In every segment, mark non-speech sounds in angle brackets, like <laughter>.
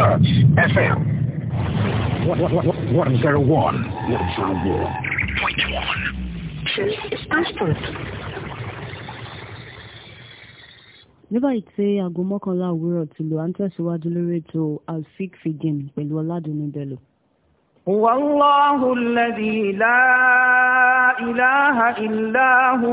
Earth FM. What, what, what, 101. 101.1. ní báyìí tí aago mọ́kànlá òwúrọ̀ ti lò à ń tẹ̀síwájú lórí ètò alfik fidin pẹ̀lú ọ̀làdùnú bello. wàláhùn lẹ́dí ìlà ìlà ìlà hù.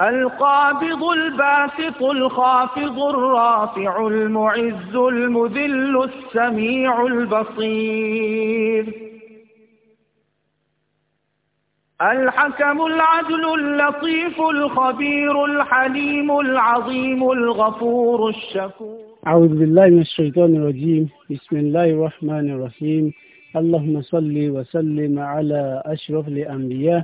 القابض الباسط الخافض الرافع المعز المذل السميع البصير الحكم العدل اللطيف الخبير الحليم العظيم الغفور الشكور أعوذ بالله من الشيطان الرجيم بسم الله الرحمن الرحيم اللهم صل وسلم على أشرف الأنبياء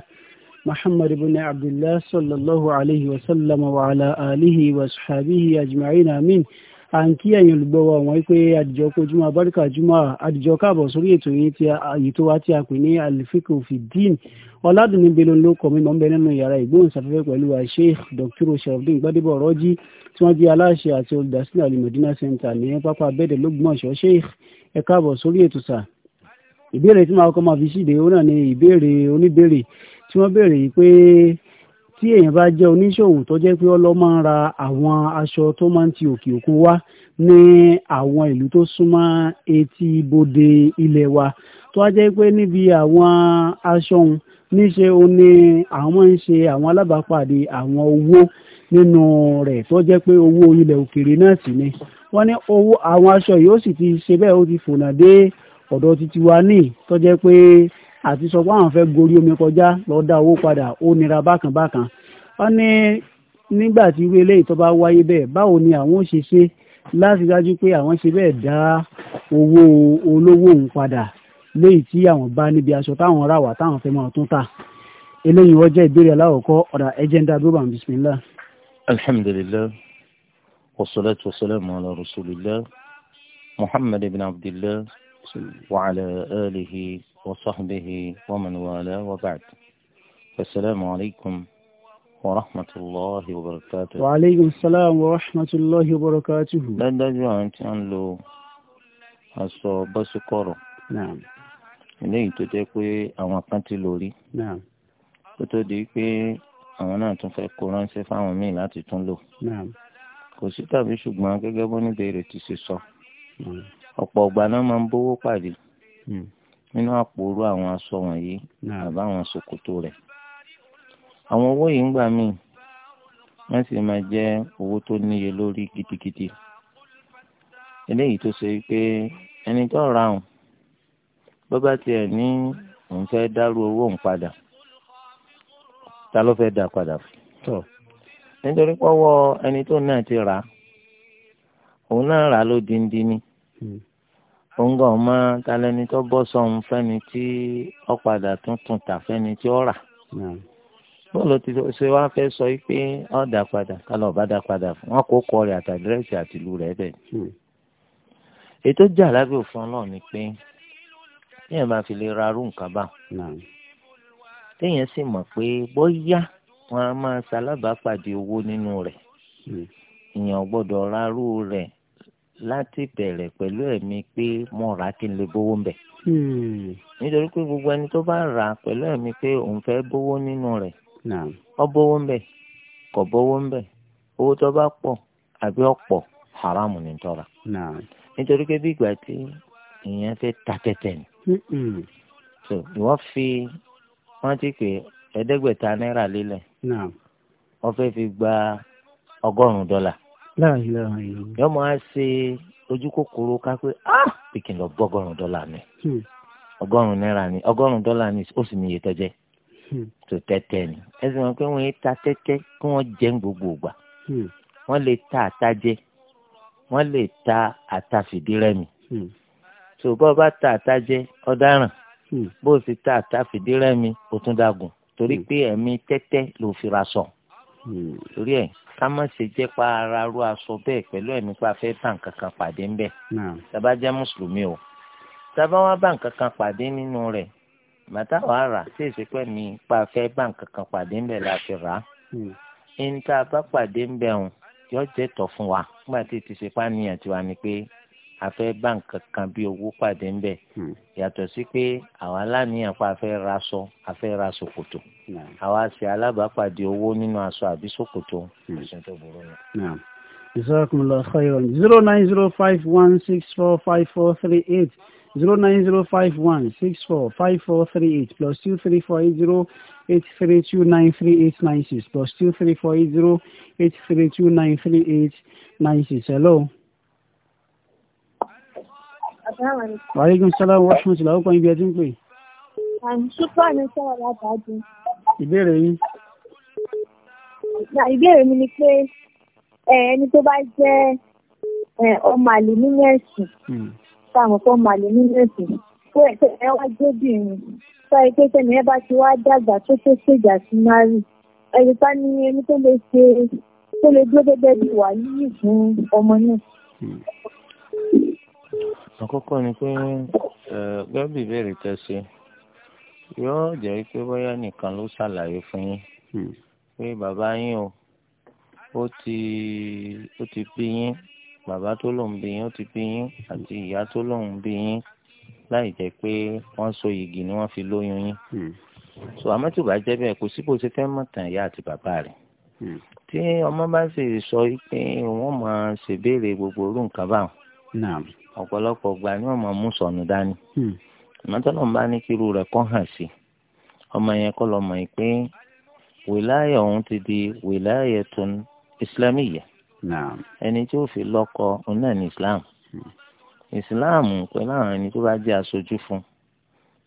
محمد بن عبد الله صلى الله عليه وسلم وعلى آله وصحبه أجمعين آمين à ń kí ẹ̀yin olùgbọ́wọ́ wọn wípé àdìjọ kojúmọ́ abáríkà jùmọ́ àdìjọ káàbọ̀ sórí ètò yìí tí àyè tó wá tí a pè ní alifiko fìdín ọ̀làdùnní belo ló kọ́ mímọ́ bẹ nínú yàrá ìgbóhùnsáfẹ́fẹ́ pẹ̀lú Sheikh Dr. sharafdin gbadebo rọ́jí tí wọ́n jẹ́ aláṣẹ àti olùdásílẹ̀ alimọ̀dínà center ní pápá abẹ́ẹ̀dẹ̀ lọ́gbọ̀nsọ̀ Sheikh ẹ tí wọ́n béèrè yìí pé tí èèyàn bá jẹ́ oníṣòwò tó jẹ́ pé ọlọ́ máa ń ra àwọn aṣọ tó máa ń ti òkè òkun wá ní àwọn ìlú tó súnmọ́ etí bodè ilẹ̀ wa tó wá jẹ́ pé níbi àwọn aṣọ òun níṣe ó ní àwọn máa ń ṣe àwọn alábàápàdé àwọn owó nínú rẹ̀ tó jẹ́ pé owó ilẹ̀ òkèèrè náà sì ni wọ́n ní owó àwọn aṣọ yìí ó sì ti ṣe bẹ́ẹ̀ ó ti fònà dé ọ̀dọ̀ titi wa ní tó jẹ́ pé àti sọ pé àwọn fẹ́ gorí omi kọjá lọ́ọ́ dá owó padà ó nira bákan bákan wọ́n ní nígbà tí irú eléyìí tó bá wáyé bẹ́ẹ̀ báwo ni àwọn ò ṣe ṣe láti dájú pé àwọn ṣe bẹ́ẹ̀ dá owó olówó òun padà léyìí tí àwọn bá níbi aṣọ táwọn rà wá táwọn fẹ́ máa tún ta eléyìí wọ́n jẹ́ ìbéèrè aláwọ̀kọ́ ọ̀dà ẹ̀jẹ̀ndà dúró bisimilá. alhamdulilayi wasalaatu wasalaamu ala rasulillah muhammad ibn abdillah wa ala alihi. وصحبه ومن والاه وبعد السلام عليكم ورحمة الله وبركاته وعليكم السلام ورحمة الله وبركاته dájú àwọn tí wọ́n lo aṣọ bọ́sùkọ̀rọ̀ eléyìí tó jẹ́ pé àwọn kan ti lò rí kó tó di pé àwọn náà tún fẹ́ kó ránṣẹ́ fáwọn míì láti tún lò kò sí tàbí ṣùgbọ́n gẹ́gẹ́ bó ní bèrè ti ṣe sọ ọ̀pọ̀ ọ̀gbà náà máa ń bówó pàdé nínú àpò orú àwọn aṣọ wọ̀nyí àbá àwọn ṣòkòtò rẹ̀ àwọn owó yìí ń gbà míì wọ́n sì máa jẹ́ owó tó níye lórí kitikiti eléyìí tó ṣe pé ẹni tó ra òun bó bá tiẹ̀ ní òun fẹ́ dárú owó ta ló fẹ́ da padà fún nítorí pọ́wọ́ ẹni tó náà ti rà òun náà rà á ló òǹgà ọmọ talẹni tó bọ́ sọ̀hún fẹ́ni tí ó padà tuntun tà fẹ́ni tí ó rà bọ́ọ̀lù ti ṣe wá fẹ́ sọ pé ọ dá padà kálọ̀ bá dá fún wọn kò kọ rẹ̀ àtàdírẹ́sì àtìlú rẹ̀ hmm. ètò jà lábẹ́ òfin náà ni pé bá fi lè ra arú nǹkan bá téèyàn sì mọ̀ pé bóyá wọn máa ṣalábàápàdé owó nínú rẹ̀ hmm. gbọ́dọ̀ láti bẹ̀rẹ̀ pẹ̀lú ẹ̀mí pé mo rà kí n lè bówó ń bẹ̀. Hmm. nítorí pé gbogbo ẹni tó bá rà pẹ̀lú ẹ̀mí pé òun fẹ́ bówó nínú rẹ̀ ọ bówó ń bẹ̀ kò bówó ń bẹ̀ owó tó bá pọ̀ àbí ọ̀pọ̀ haram ní tọ́ra. nítorí pé bí ìgbà tí ìyẹn fẹ́ ta tẹ́tẹ́ ni. so ìwọ́n fi wọ́n ti pè ẹ̀ẹ́dẹ́gbẹ̀ta náírà lélẹ̀ wọ́n fẹ́ fi gba ọgọ́rùn-ún dọ́là. yọ máa ṣe ojú kòkòrò ká pé pikin ah! lọ gbọ́gọ́rùn dọ́là ni hmm. ọgọ́rùn náírà ni ọgọ́rùn dọ́là ni ó sì níye tọ́jẹ́ tó hmm. tẹ́tẹ́ ni ẹ sì mọ̀ pé wọ́n yé ta tẹ́tẹ́ kí wọ́n jẹ́ gbogbo ìgbà hmm. wọ́n lè ta àtajẹ́ wọ́n lè ta àtàfìdírẹ́mi tó bọ́ bá ta àtajẹ́ ọ̀daràn bó o sì ta àtàfìdírẹ́mi ó tún dàgùn torí pé ẹ̀mí tẹ́tẹ́ ló fi ra sọ̀n. Hmm, torí ẹ ká má ṣe jẹ́ pa ara ru aṣọ bẹ́ẹ̀ pẹ̀lú ẹ̀mí pa fẹ́ bá nǹkan kan pàdé ń bẹ̀ tàbá jẹ́ mùsùlùmí o tàbá wá bá nǹkan kan pàdé nínú rẹ̀ bàtà wàá rà sí ìsìnkú mi pa fẹ́ bá nǹkan kan pàdé ń bẹ̀ la fi rà á hmm. ẹni tá a bá pàdé ń bẹ̀ hùn yóò jẹ́ fún wa nígbà tí ti ṣe pàníyàn tiwa ni pé afẹ́ bá nǹkan kan bí owó pàdé ń bẹ̀ hmm. yàtọ̀ sí pé àwa láníyàn pa afẹ́ raṣọ afẹ́ ra ṣòkòtò hmm. àwa ṣe alábàápàdé owó nínú aṣọ àbí ṣòkòtò ìṣẹ́ hmm. tó burú ni. Jazakumullah khairan zero nine zero five one six four five four three eight zero nine zero five one six four five four three eight plus two three four eight zero eight three two nine three eight nine six plus two three four eight zero eight three two nine three eight nine six hello. Wàrígún Sálàmù Washington làwọn kan ibi ẹ ti ń pè. Ṣúpọ̀ ní sọ̀rọ̀ látàájú. Ìbéèrè yín. Ìbéèrè mi ni pé ẹni tó bá jẹ́ ọmọ àlè nínú ẹ̀sìn, hmm. táwọn kan ọmọ àlè nínú ẹ̀sìn, pé ẹ wá jóbìnrin, sọ́ọ́ pé tẹ̀mí ẹ bá ti wá dàgbà tó tó ṣèjà sí Márì. Ẹ̀rù ká ní ẹni tó lè ṣe tó lè dúró gẹ́gẹ́ bí wàá yìí fún ọmọ náà. Hmm àkọ́kọ́ ni pé gbẹ́bí ìbéèrè tẹ́ ṣe yóò jẹ́ pé bóyá nìkan ló ṣàlàyé fún yín hmm. pé bàbá yín o ó ti ó ti bí yín bàbá tó lòun bí yín ó ti bí yín àti ìyá tó lòun bí yín láì jẹ́ pé wọ́n so igi ni wọ́n fi lóyún yín hmm. so àmọ́ tí ò bá jẹ́ bẹ́ẹ̀ kò sí bó ṣe fẹ́ mọ̀ tàn ìyá àti bàbá rẹ̀ hmm. tí ọmọ bá sì sọ pé wọ́n máa ṣèbéèrè gbogbo orú nǹkan báwọn ọ̀pọ̀lọpọ̀ gba ni wọ́n máa mú sọ̀nù dání mọ́tọ́lọ́ hmm. bá ní kí irú rẹ̀ kọ́ hàn sí ọmọ yẹn kọ́ lọ́mọ yìí pé wìláyà òun ti di wìláyà tó islamiyà ẹni tí ó fi lọ́kọ òun náà ní islam hmm. islam pẹ̀lú àwọn ẹni tó bá jẹ́ aṣojú fún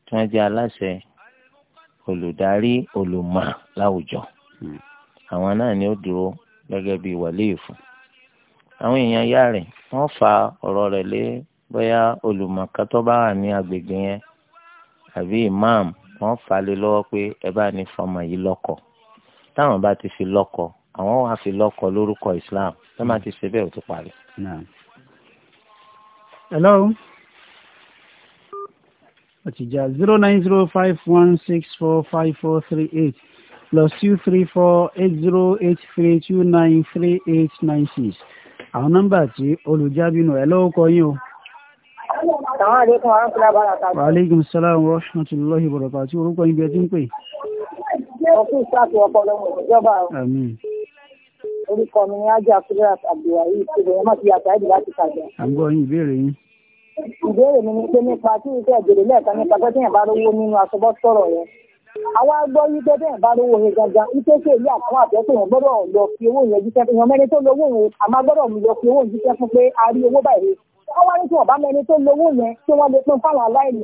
tí wọ́n jẹ́ aláṣẹ olùdarí olùmọ̀ láwùjọ hmm. àwọn náà ni ó dúró gẹ́gẹ́ bíi wàlíì fún un àwọn èèyàn yá rẹ̀ wọ́n fa ọ̀rọ̀ rẹ̀ lé bóyá olùmọ̀ọ́ká tó bá wà ní agbègbè yẹn àbí imam wọ́n fà lé lọ́wọ́ pé ẹ bá ní fọmọ yìí lọ́kọ táwọn bá ti fi lọ́kọ àwọn wàá fi lọ́kọ lórúkọ islam tó máa ti ṣe bẹ́ẹ̀ ó ti parí. hello òtìjà zero nine zero five one six four five four three eight plus two three four eight zero eight three two nine three eight nine six àwọn nọ́mbà tí olùjábínú ẹ̀ lọ́wọ́ kọ yín o. wa alaikum salaam wa rahmatullahi wa barakatuh orúkọ yín bí ẹ ti ń pè. ọkùnrin sáàtì ọpọlọ ìjọba orúkọ mi ni ajá fúlẹ́rà àbúráyé ìṣẹ̀lẹ̀ ẹ̀ má ti yàtọ̀ àìdí láti kàjá. à ń gbọ́ yín ìbéèrè yín. ìbéèrè mi ni pé nípa tí ìṣe ìbéèrè lẹ́ẹ̀kan nípa pé téèyàn bá lówó nínú aṣọ àwa gbọ́ wípé bẹ́ẹ̀ bá lówó yẹn gangan wípé ṣe ìlú àkọ́wọ́ àtẹ́kùn yẹn gbọ́dọ̀ lọ fi owó yẹn jíṣẹ́ fún yẹn mẹ́ni tó lówó yẹn àmọ́ gbọ́dọ̀ lọ fi owó yẹn jíṣẹ́ fún pé a rí owó báyìí wọ́n wá ní tí wọ́n bá mẹ́ni tó lówó yẹn tí wọ́n lè pín fáwọn aláìní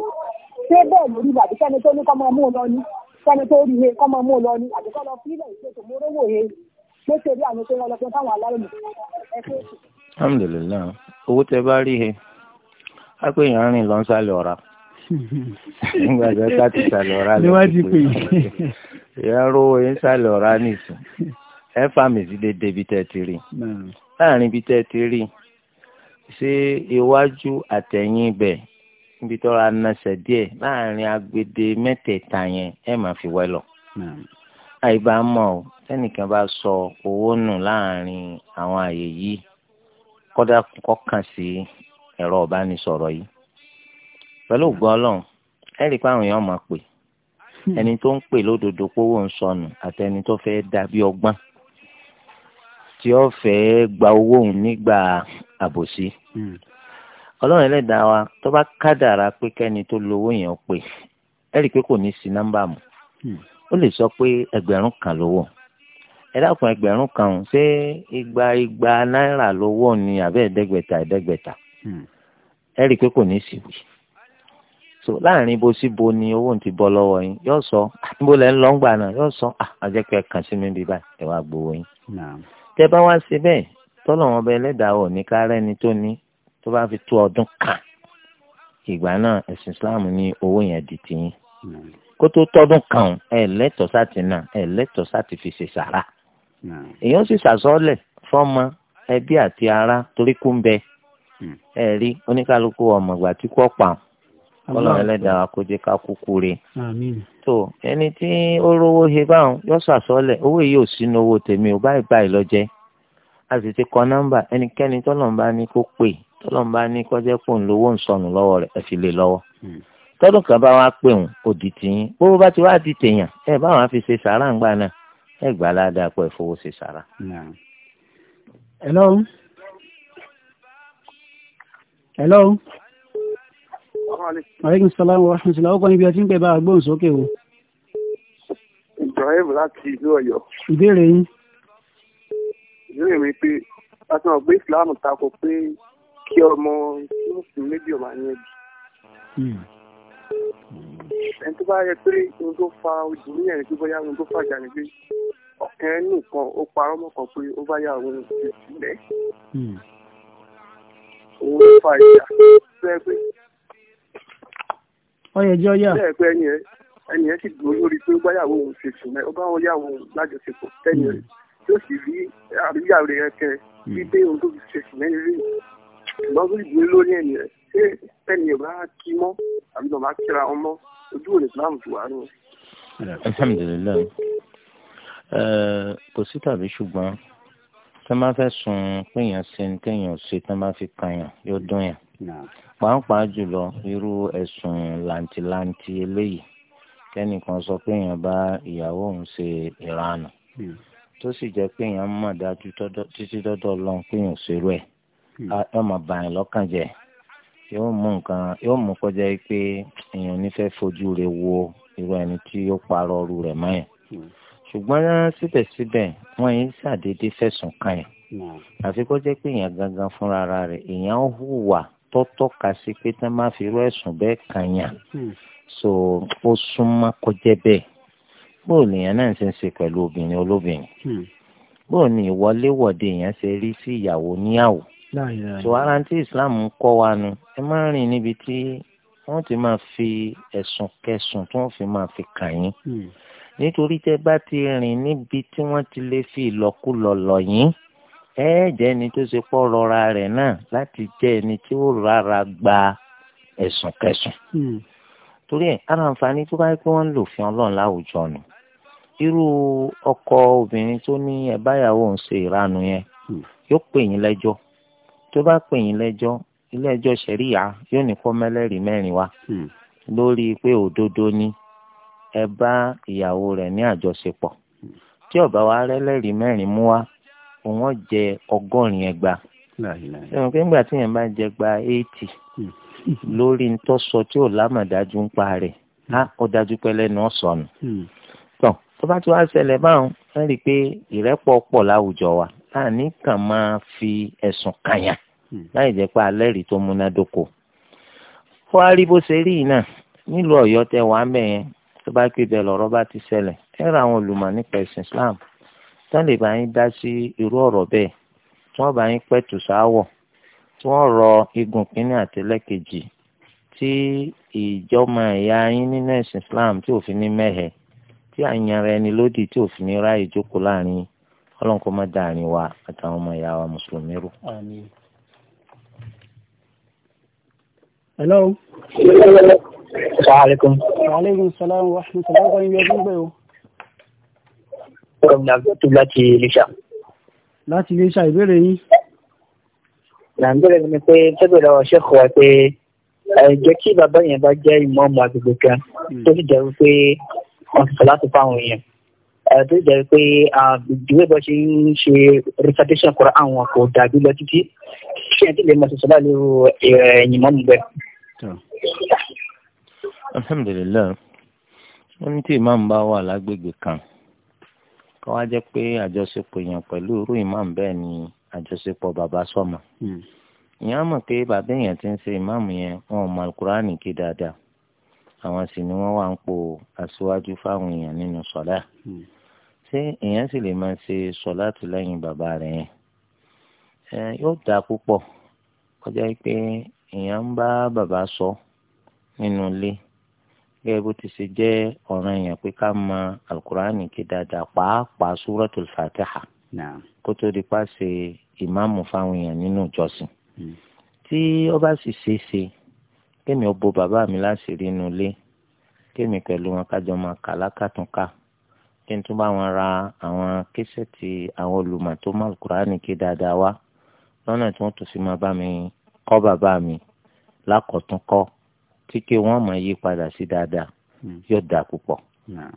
ṣé bẹ́ẹ̀ sẹ́ni tó ní kọ́ máa mú ni sẹ́ni tó rí nígbà tó ká ti sàlẹ̀ ọ̀rá lọ sí pé ìyá rówó yín sàlẹ̀ ọ̀rá nìsín ẹ fà mí sí dédé ibi tẹ́ ti rí láàrin ibi tẹ́ ti rí ṣé iwájú àtẹ̀yìn ibẹ̀ níbi tó ra nasẹ̀ díẹ̀ láàrin agbede mẹ́tẹ̀ẹ̀ta yẹn ẹ máa fi wẹ́ lọ àyíbá mọ̀ ọ́ tẹ́nìkan bá sọ owó nù láàrin àwọn àyè yìí kọ́dà kọ́kàn sí ẹ̀rọ ìbánisọ̀rọ̀ yìí pẹ̀lú ògbọ́ ọlọ́run ẹ rí i pé àwọn èèyàn máa pè ẹni tó ń pè lódodo pówó ń sọnù àti ẹni tó fẹ́ dàbí ọgbọ́n tí ó fẹ́ gba owó òun nígbà àbòsí hmm. ọlọ́run ẹlẹ́dàá wa tó bá kádàrá pé kẹ́ni tó lówó yẹn pè ẹ rí i pé kò ní í sí nọ́mbà mu hmm. ó lè sọ pé ẹgbẹ̀rún kan lówó ẹ dákun ẹgbẹ̀rún kan ṣé igba igba náírà lówó ni àbẹ́ẹ̀ẹ́dẹ́gbẹ̀ta ẹ̀ẹ́dẹ́gbẹ̀ta hmm. ẹ rí i pé kò ní í sí wí. so láàrin bó sí bo ni owó ti bọ́ lọ́wọ́ yín yóò sọ ah, níbo lẹ́ ń lọ ń gbà náà yóò sọ àjẹ́ ah, pé kàn sí mi bíbá ẹ wá gbowó yín. tẹ bá wá sí tọ́lọ̀ wọn bẹ ẹlẹ́dàá ò ní ká rẹ́ni tó ní tó bá fi tó ọdún kan ìgbà náà ẹ̀sìn Islam ní owó yẹn di tiyín. kó tó tọ́dún kan ẹ lẹ́tọ̀ọ́ sáti náà ẹ lẹ́tọ̀ọ́ sáti fi ṣe sàrà. èèyàn sì ṣàsọ́ọ̀lẹ̀ fọ́mọ ẹbí àti ń bẹ hmm. ẹ rí oníkálukú ọmọ ìgbà tí kò pa kọ́lọ̀ ẹlẹ́dàá kó jẹ́ ká kúkú rè. tó ẹni tí ó rówó he báwọn yóò sàsọ́lẹ̀ owó yìí ò sínú owó tèmi ò báyìí báyìí a sì ti kọ nọ́mbà ẹnikẹ́ni tọ́lọ́mbà ní kó pè tọ́lọ́mbà ní kọjá pò ń lówó ń sọnù lọ́wọ́ rẹ̀ fi lè lọ́wọ́ hmm. tọ́dún kan bá pè fi ṣe sàrà ń gbà náà ẹ gbà aleykum salaam wa rahmatulah ọkọ níbi ọtí ń pẹ bá agbóhùn sókè o. ibrahim láti ìlú Ọ̀yọ́. ìbéèrè yín. ìbéèrè mi pé pàṣẹ ọgbẹ islam tako pé kí ọmọ mùsùlùmí méjì ọmọ àyẹn bí. ẹni tó bá yẹ pé ohun tó fa ojú ní ẹni tó bá yá ohun tó fa ìjà ni pé ọkàn nìkan ó parọ́ mọ́kàn pé ó bá yá òun ìsìlẹ̀. Hmm. òun ló fa ìjà tó yẹ ọyẹ jẹ́ ọyà. bẹ́ẹ̀ pé ẹni ẹni yẹn sì dúró lórí pé ó yàwó òun ṣe sùn mẹ́ wọn yàwó òun lájọṣepọ̀ tẹ́ni tí ó sì rí àríyá rẹ̀ kẹ hmm. bí dé ohun tó fi ṣe sùn mẹ́rin rí ṣùgbọ́n ó dúró lórí ẹni rẹ̀ ṣé ẹni yẹn bá kí mọ́ àbí bàbá kíra wọn ojú òní Islam ti wà nù. alhamdulilayi kò sí tàbí ṣùgbọ́n tí wọ́n bá fẹ́ sun péyàn ṣe ní téèyàn ṣe tí wọ́n bá fi kàn yàn yóò dún yàn pàápàá jùlọ irú ẹ̀sùn làǹtìlanti eléyìí kẹ́nìkan sọ pé èèyàn bá ìyàwó òun ṣe ìranù hmm. tó sì jẹ́ pé èèyàn mọ̀ dájú títí dọ́dọ̀ lọ́n pé èèyàn ṣerú ẹ̀ ẹ hmm. máa bà yín lọ́kàn jẹ́ yóò mú nǹkan yóò mú kọjá yìí pé èèyàn nífẹ̀ẹ́ fojú rẹ̀ wo irú ẹni tí yóò parọ́ ọrú rẹ̀ mọ́ yẹn hmm. ṣùgbọ́n síbẹ̀síbẹ̀ wọ́n yìí ṣàdédé fẹ̀sùn kàn yẹn àfi kó jẹ́ pé èèyàn gangan fúnra rẹ̀ èèyàn hùwà tó tọ́ka sí pé tán máa fi irú ẹ̀sùn bẹ́ẹ̀ kàn yàn so ó súnmọ́ kọjá bẹ́ẹ̀ bóò nìyẹn náà ṣe ń ṣe pẹ̀lú obìnrin olóbìnrin hmm. bóò ní ìwọléwọ̀de yẹn ṣe rí sí ìyàwó níyàwó tó ara tí Islam ń kọ́ wa nu ẹ má rìn níbi tí wọ́n ti máa fi ẹ̀sùn kẹsùn tí wọ́n fi máa fi kàn yín hmm. nítorí tẹ́ bá ti rìn níbi tí wọ́n ti lè fi ìlọ́kulọ̀ lọ̀ yín ẹ jẹ́ ẹni tó ṣe pọ́ rọra rẹ̀ náà láti jẹ́ ẹni tí ó rárá gba ẹ̀sùn kẹsùn. Hmm. torí ẹ̀ ara àǹfààní tó bá yẹ pé wọ́n ń lò fi ọlọ́run láwùjọ nù irú ọkọ obìnrin tó ní ẹ báyàwó ń ṣe ìranu yẹn hmm. yóò pè yín lẹ́jọ́ tó bá pè yín lẹ́jọ́ ilé ẹjọ́ ṣẹ̀ríyà yóò ní kó mẹ́lẹ́rìí mẹ́rin wá hmm. lórí pé òdodo ni ẹ bá ìyàwó rẹ̀ ní àjọṣepọ̀ tí ó bá wá rẹ́lẹ́rìí mẹ́rin mú wá òun jẹ ọgọrin ẹgba ẹnu pé nígbà tí yẹn bá jẹ gba eighty hmm. <laughs> lórí ntọ́sọ tí ò lámàdájú ń pa rẹ̀ hmm. á ó dájú ọ̀sán hmm. tó bá ti wá ṣẹlẹ̀ báwọn ẹ rí i pé ìrẹ́pọ̀ pọ̀ wa máa fi ẹ̀sùn kàyà láì jẹ́ pé alẹ́rìí tó múnádóko. ṣe rí náà nílùú ọ̀yọ́ tẹ wàá mẹ́yẹn tó bá bẹ́ẹ̀ lọ́rọ́ ti ṣẹlẹ̀ ẹ ra àwọn olùmọ̀ Islam tán lè bá yín dá sí irú ọ̀rọ̀ bẹ́ẹ̀ tí wọ́n bá yín pẹ̀tù sáwọ̀ tí wọ́n rọ igun kínní àti lẹ́kejì tí ìjọba ẹ̀yà yín nínú ẹ̀sìn Islam tí òfin ní mẹ́hẹ̀ tí àyànra ẹni lódì tí òfin ní ráàyè jókòó láàrin ọlọ́run kó má da àárín wa àtàwọn ọmọ ìyá wa mùsùlùmí rú. hello. salaamaleykum. waaleykum salaam wa rahmatulah. gómìnà àgbẹ̀tù láti iléṣà. láti iléṣà ìbéèrè yín. nàìjíríà ni pé tẹ́gbẹ̀rẹ̀ lọ́wọ́ ṣẹ́kọ̀ wa pé ẹ̀jẹ̀ kí bàbá yẹn bá jẹ́ ìmọ̀ọ́mọ̀ àgbègbè kan hmm. tó sì jẹ́ wípé wọ́n ti sọ láti fáwọn èèyàn tó sì jẹ́ wípé ìdíwé bá ṣe ń ṣe recitation kọ́ra àwọn kò dàbí lọ títí ṣé ẹ̀ tí lè mọ̀ sọ̀sọ̀ láàlú ìmọ̀ọ́mù bẹ́ẹ̀. alhamdulilayi wọn ní tí ìmáàmù bá wà lágbègbè kan kọ́ wá jẹ́ pé àjọṣepọ̀ èèyàn pẹ̀lú irú ìmáàmù bẹ́ẹ̀ ni àjọṣepọ̀ bàbá sọ̀mọ̀ hmm. ìyẹn á mọ̀ pé bàbá èèyàn ti ń ṣe ìmáàmù yẹn wọn ò mọ alukurani kí dáadáa àwọn sì ni wọ́n wá ń po aṣíwájú fáwọn èèyàn nínú sọ̀lá hmm. ṣé èèyàn sì lè máa ṣe sọ̀lá tó lẹ́yìn bàbá rẹ̀ yẹn yóò dáa púpọ̀ kọjá pé èèyàn ń bá bàbá sọ nínú ilé gẹ́gẹ́ bó ti ṣe jẹ́ ọ̀ràn èèyàn pé ká mọ alukur'ani kí dáadáa pàápàá suratul fatiha kó tó di pa ṣe ìmáàmù fáwọn èèyàn nínú ìjọsìn hmm. tí ó bá sì ṣe é ṣe kémi ó bo bàbá mi láṣìírí inú ilé kémi pẹ̀lú wọn kájọ máa kà lákàtúnkà kí n tún bá wọn ra àwọn késẹ́tì àwọn olùmọ̀ alukur'ani kí dáadáa wá lọ́nà tí wọ́n tún fi máa bá mi kọ́ bàbá mi lákọ̀tún kọ́ tí kí wọ́n máa yí padà sí dáadáa hmm. yóò dáa púpọ̀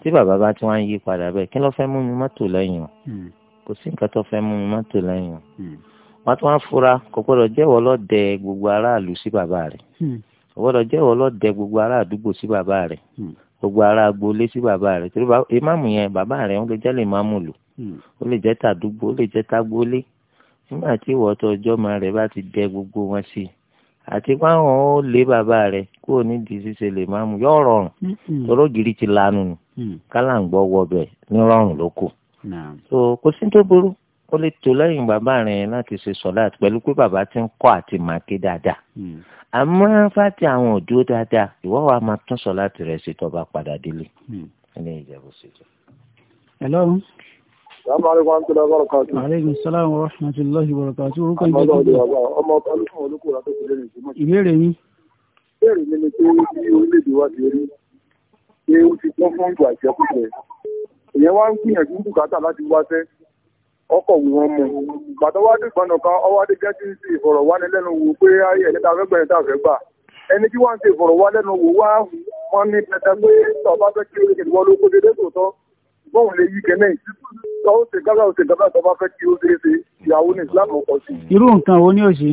tí bàbá bá tí wọ́n ń yí padà bẹ́ẹ̀ kí ló fẹ́ mú mi mọ́tò lẹ́yìn o hmm. kò sí nǹkan tó fẹ́ mú mi mọ́tò lẹ́yìn o hmm. wọ́n tún wá fura kò gbọ́dọ̀ jẹ́wọ́ lọ́dẹ gbogbo aráàlú sí bàbá rẹ̀ kò gbọ́dọ̀ jẹ́wọ́ lọ́dẹ gbogbo ará sí bàbá rẹ̀ gbogbo ara agboolé sí bàbá rẹ̀ torí ìmáàmù yẹn bàbá rẹ̀ ń lè jẹ́ lè máàmù lò ó lè jẹ́ tàdúgbò ó lè jẹ́ tagboolé nígbà tí ìwọ ọjọ́ máa rẹ̀ bá ti dẹ gbogbo wọn sí i àti pé àwọn ó lé bàbá rẹ̀ kúrò nídìí ṣíṣe lè máa mú yọ rọrùn tọrọ gírí ti lanu nù mm. kálàǹgbọ wọbẹ ní rọrùn ló kù. so kò sí tó burú ó lè tó lẹ́yìn bàbá rẹ̀ láti ṣe sọ́láàtì pẹ̀lú pé bàbá ti ń kọ́ àti máa ké dáadáa. Mm. àmọ́ fáti àwọn òjò dáadáa ìwọ wa máa tún sọ́láàtì rẹ̀ ṣe tó bá padà délé. Mm. ẹ lọ́run. Àríkùn Sálàmù Rọ́ṣmàtíláhì Bọ̀rọ̀kà tí orúkọ ìgbẹ́ tó dé. Ọmọ ọba ló fún olókùnrin àtọ́kùn lórí ìṣúmọ̀. Ìbéèrè yín. Ìbéèrè mi ni pé bí orílẹ̀-èdè wa ti rí pé ó ti pọ́n fún ìgbà ìjẹkùjẹ. Ìyẹn wá ń gbìyànjú bùkátà láti wáṣẹ́. Ọkọ̀ wù wọ́n mu. Bàtà wá dé ìgbọ̀nà kan, ọwọ́ adé jẹ́ kí n sì ìfọ̀rọ̀wánilẹ́nuwò pé ayé ẹ̀yẹ́ta fẹ́ gbẹ̀yìn tá a fẹ́ gbà. Ẹni tí wọ́n ń ṣe ìfọ̀rọ̀wánilẹ́nuwò wá wọ́n ní pẹ̀tẹ́ pé tọ́ba fẹ́ kí orílẹ̀-èdè wọn ló kó dédé tòótọ́. Bọ́ọ̀n lè yí kẹ́nẹ́ ó ṣe gágá ó ṣe gágá tó bá fẹ́ kí ó ṣeé ṣe ìyàwó ní ìsìlámù ọkọ̀ sí. irú nǹkan wo ni ó ṣe.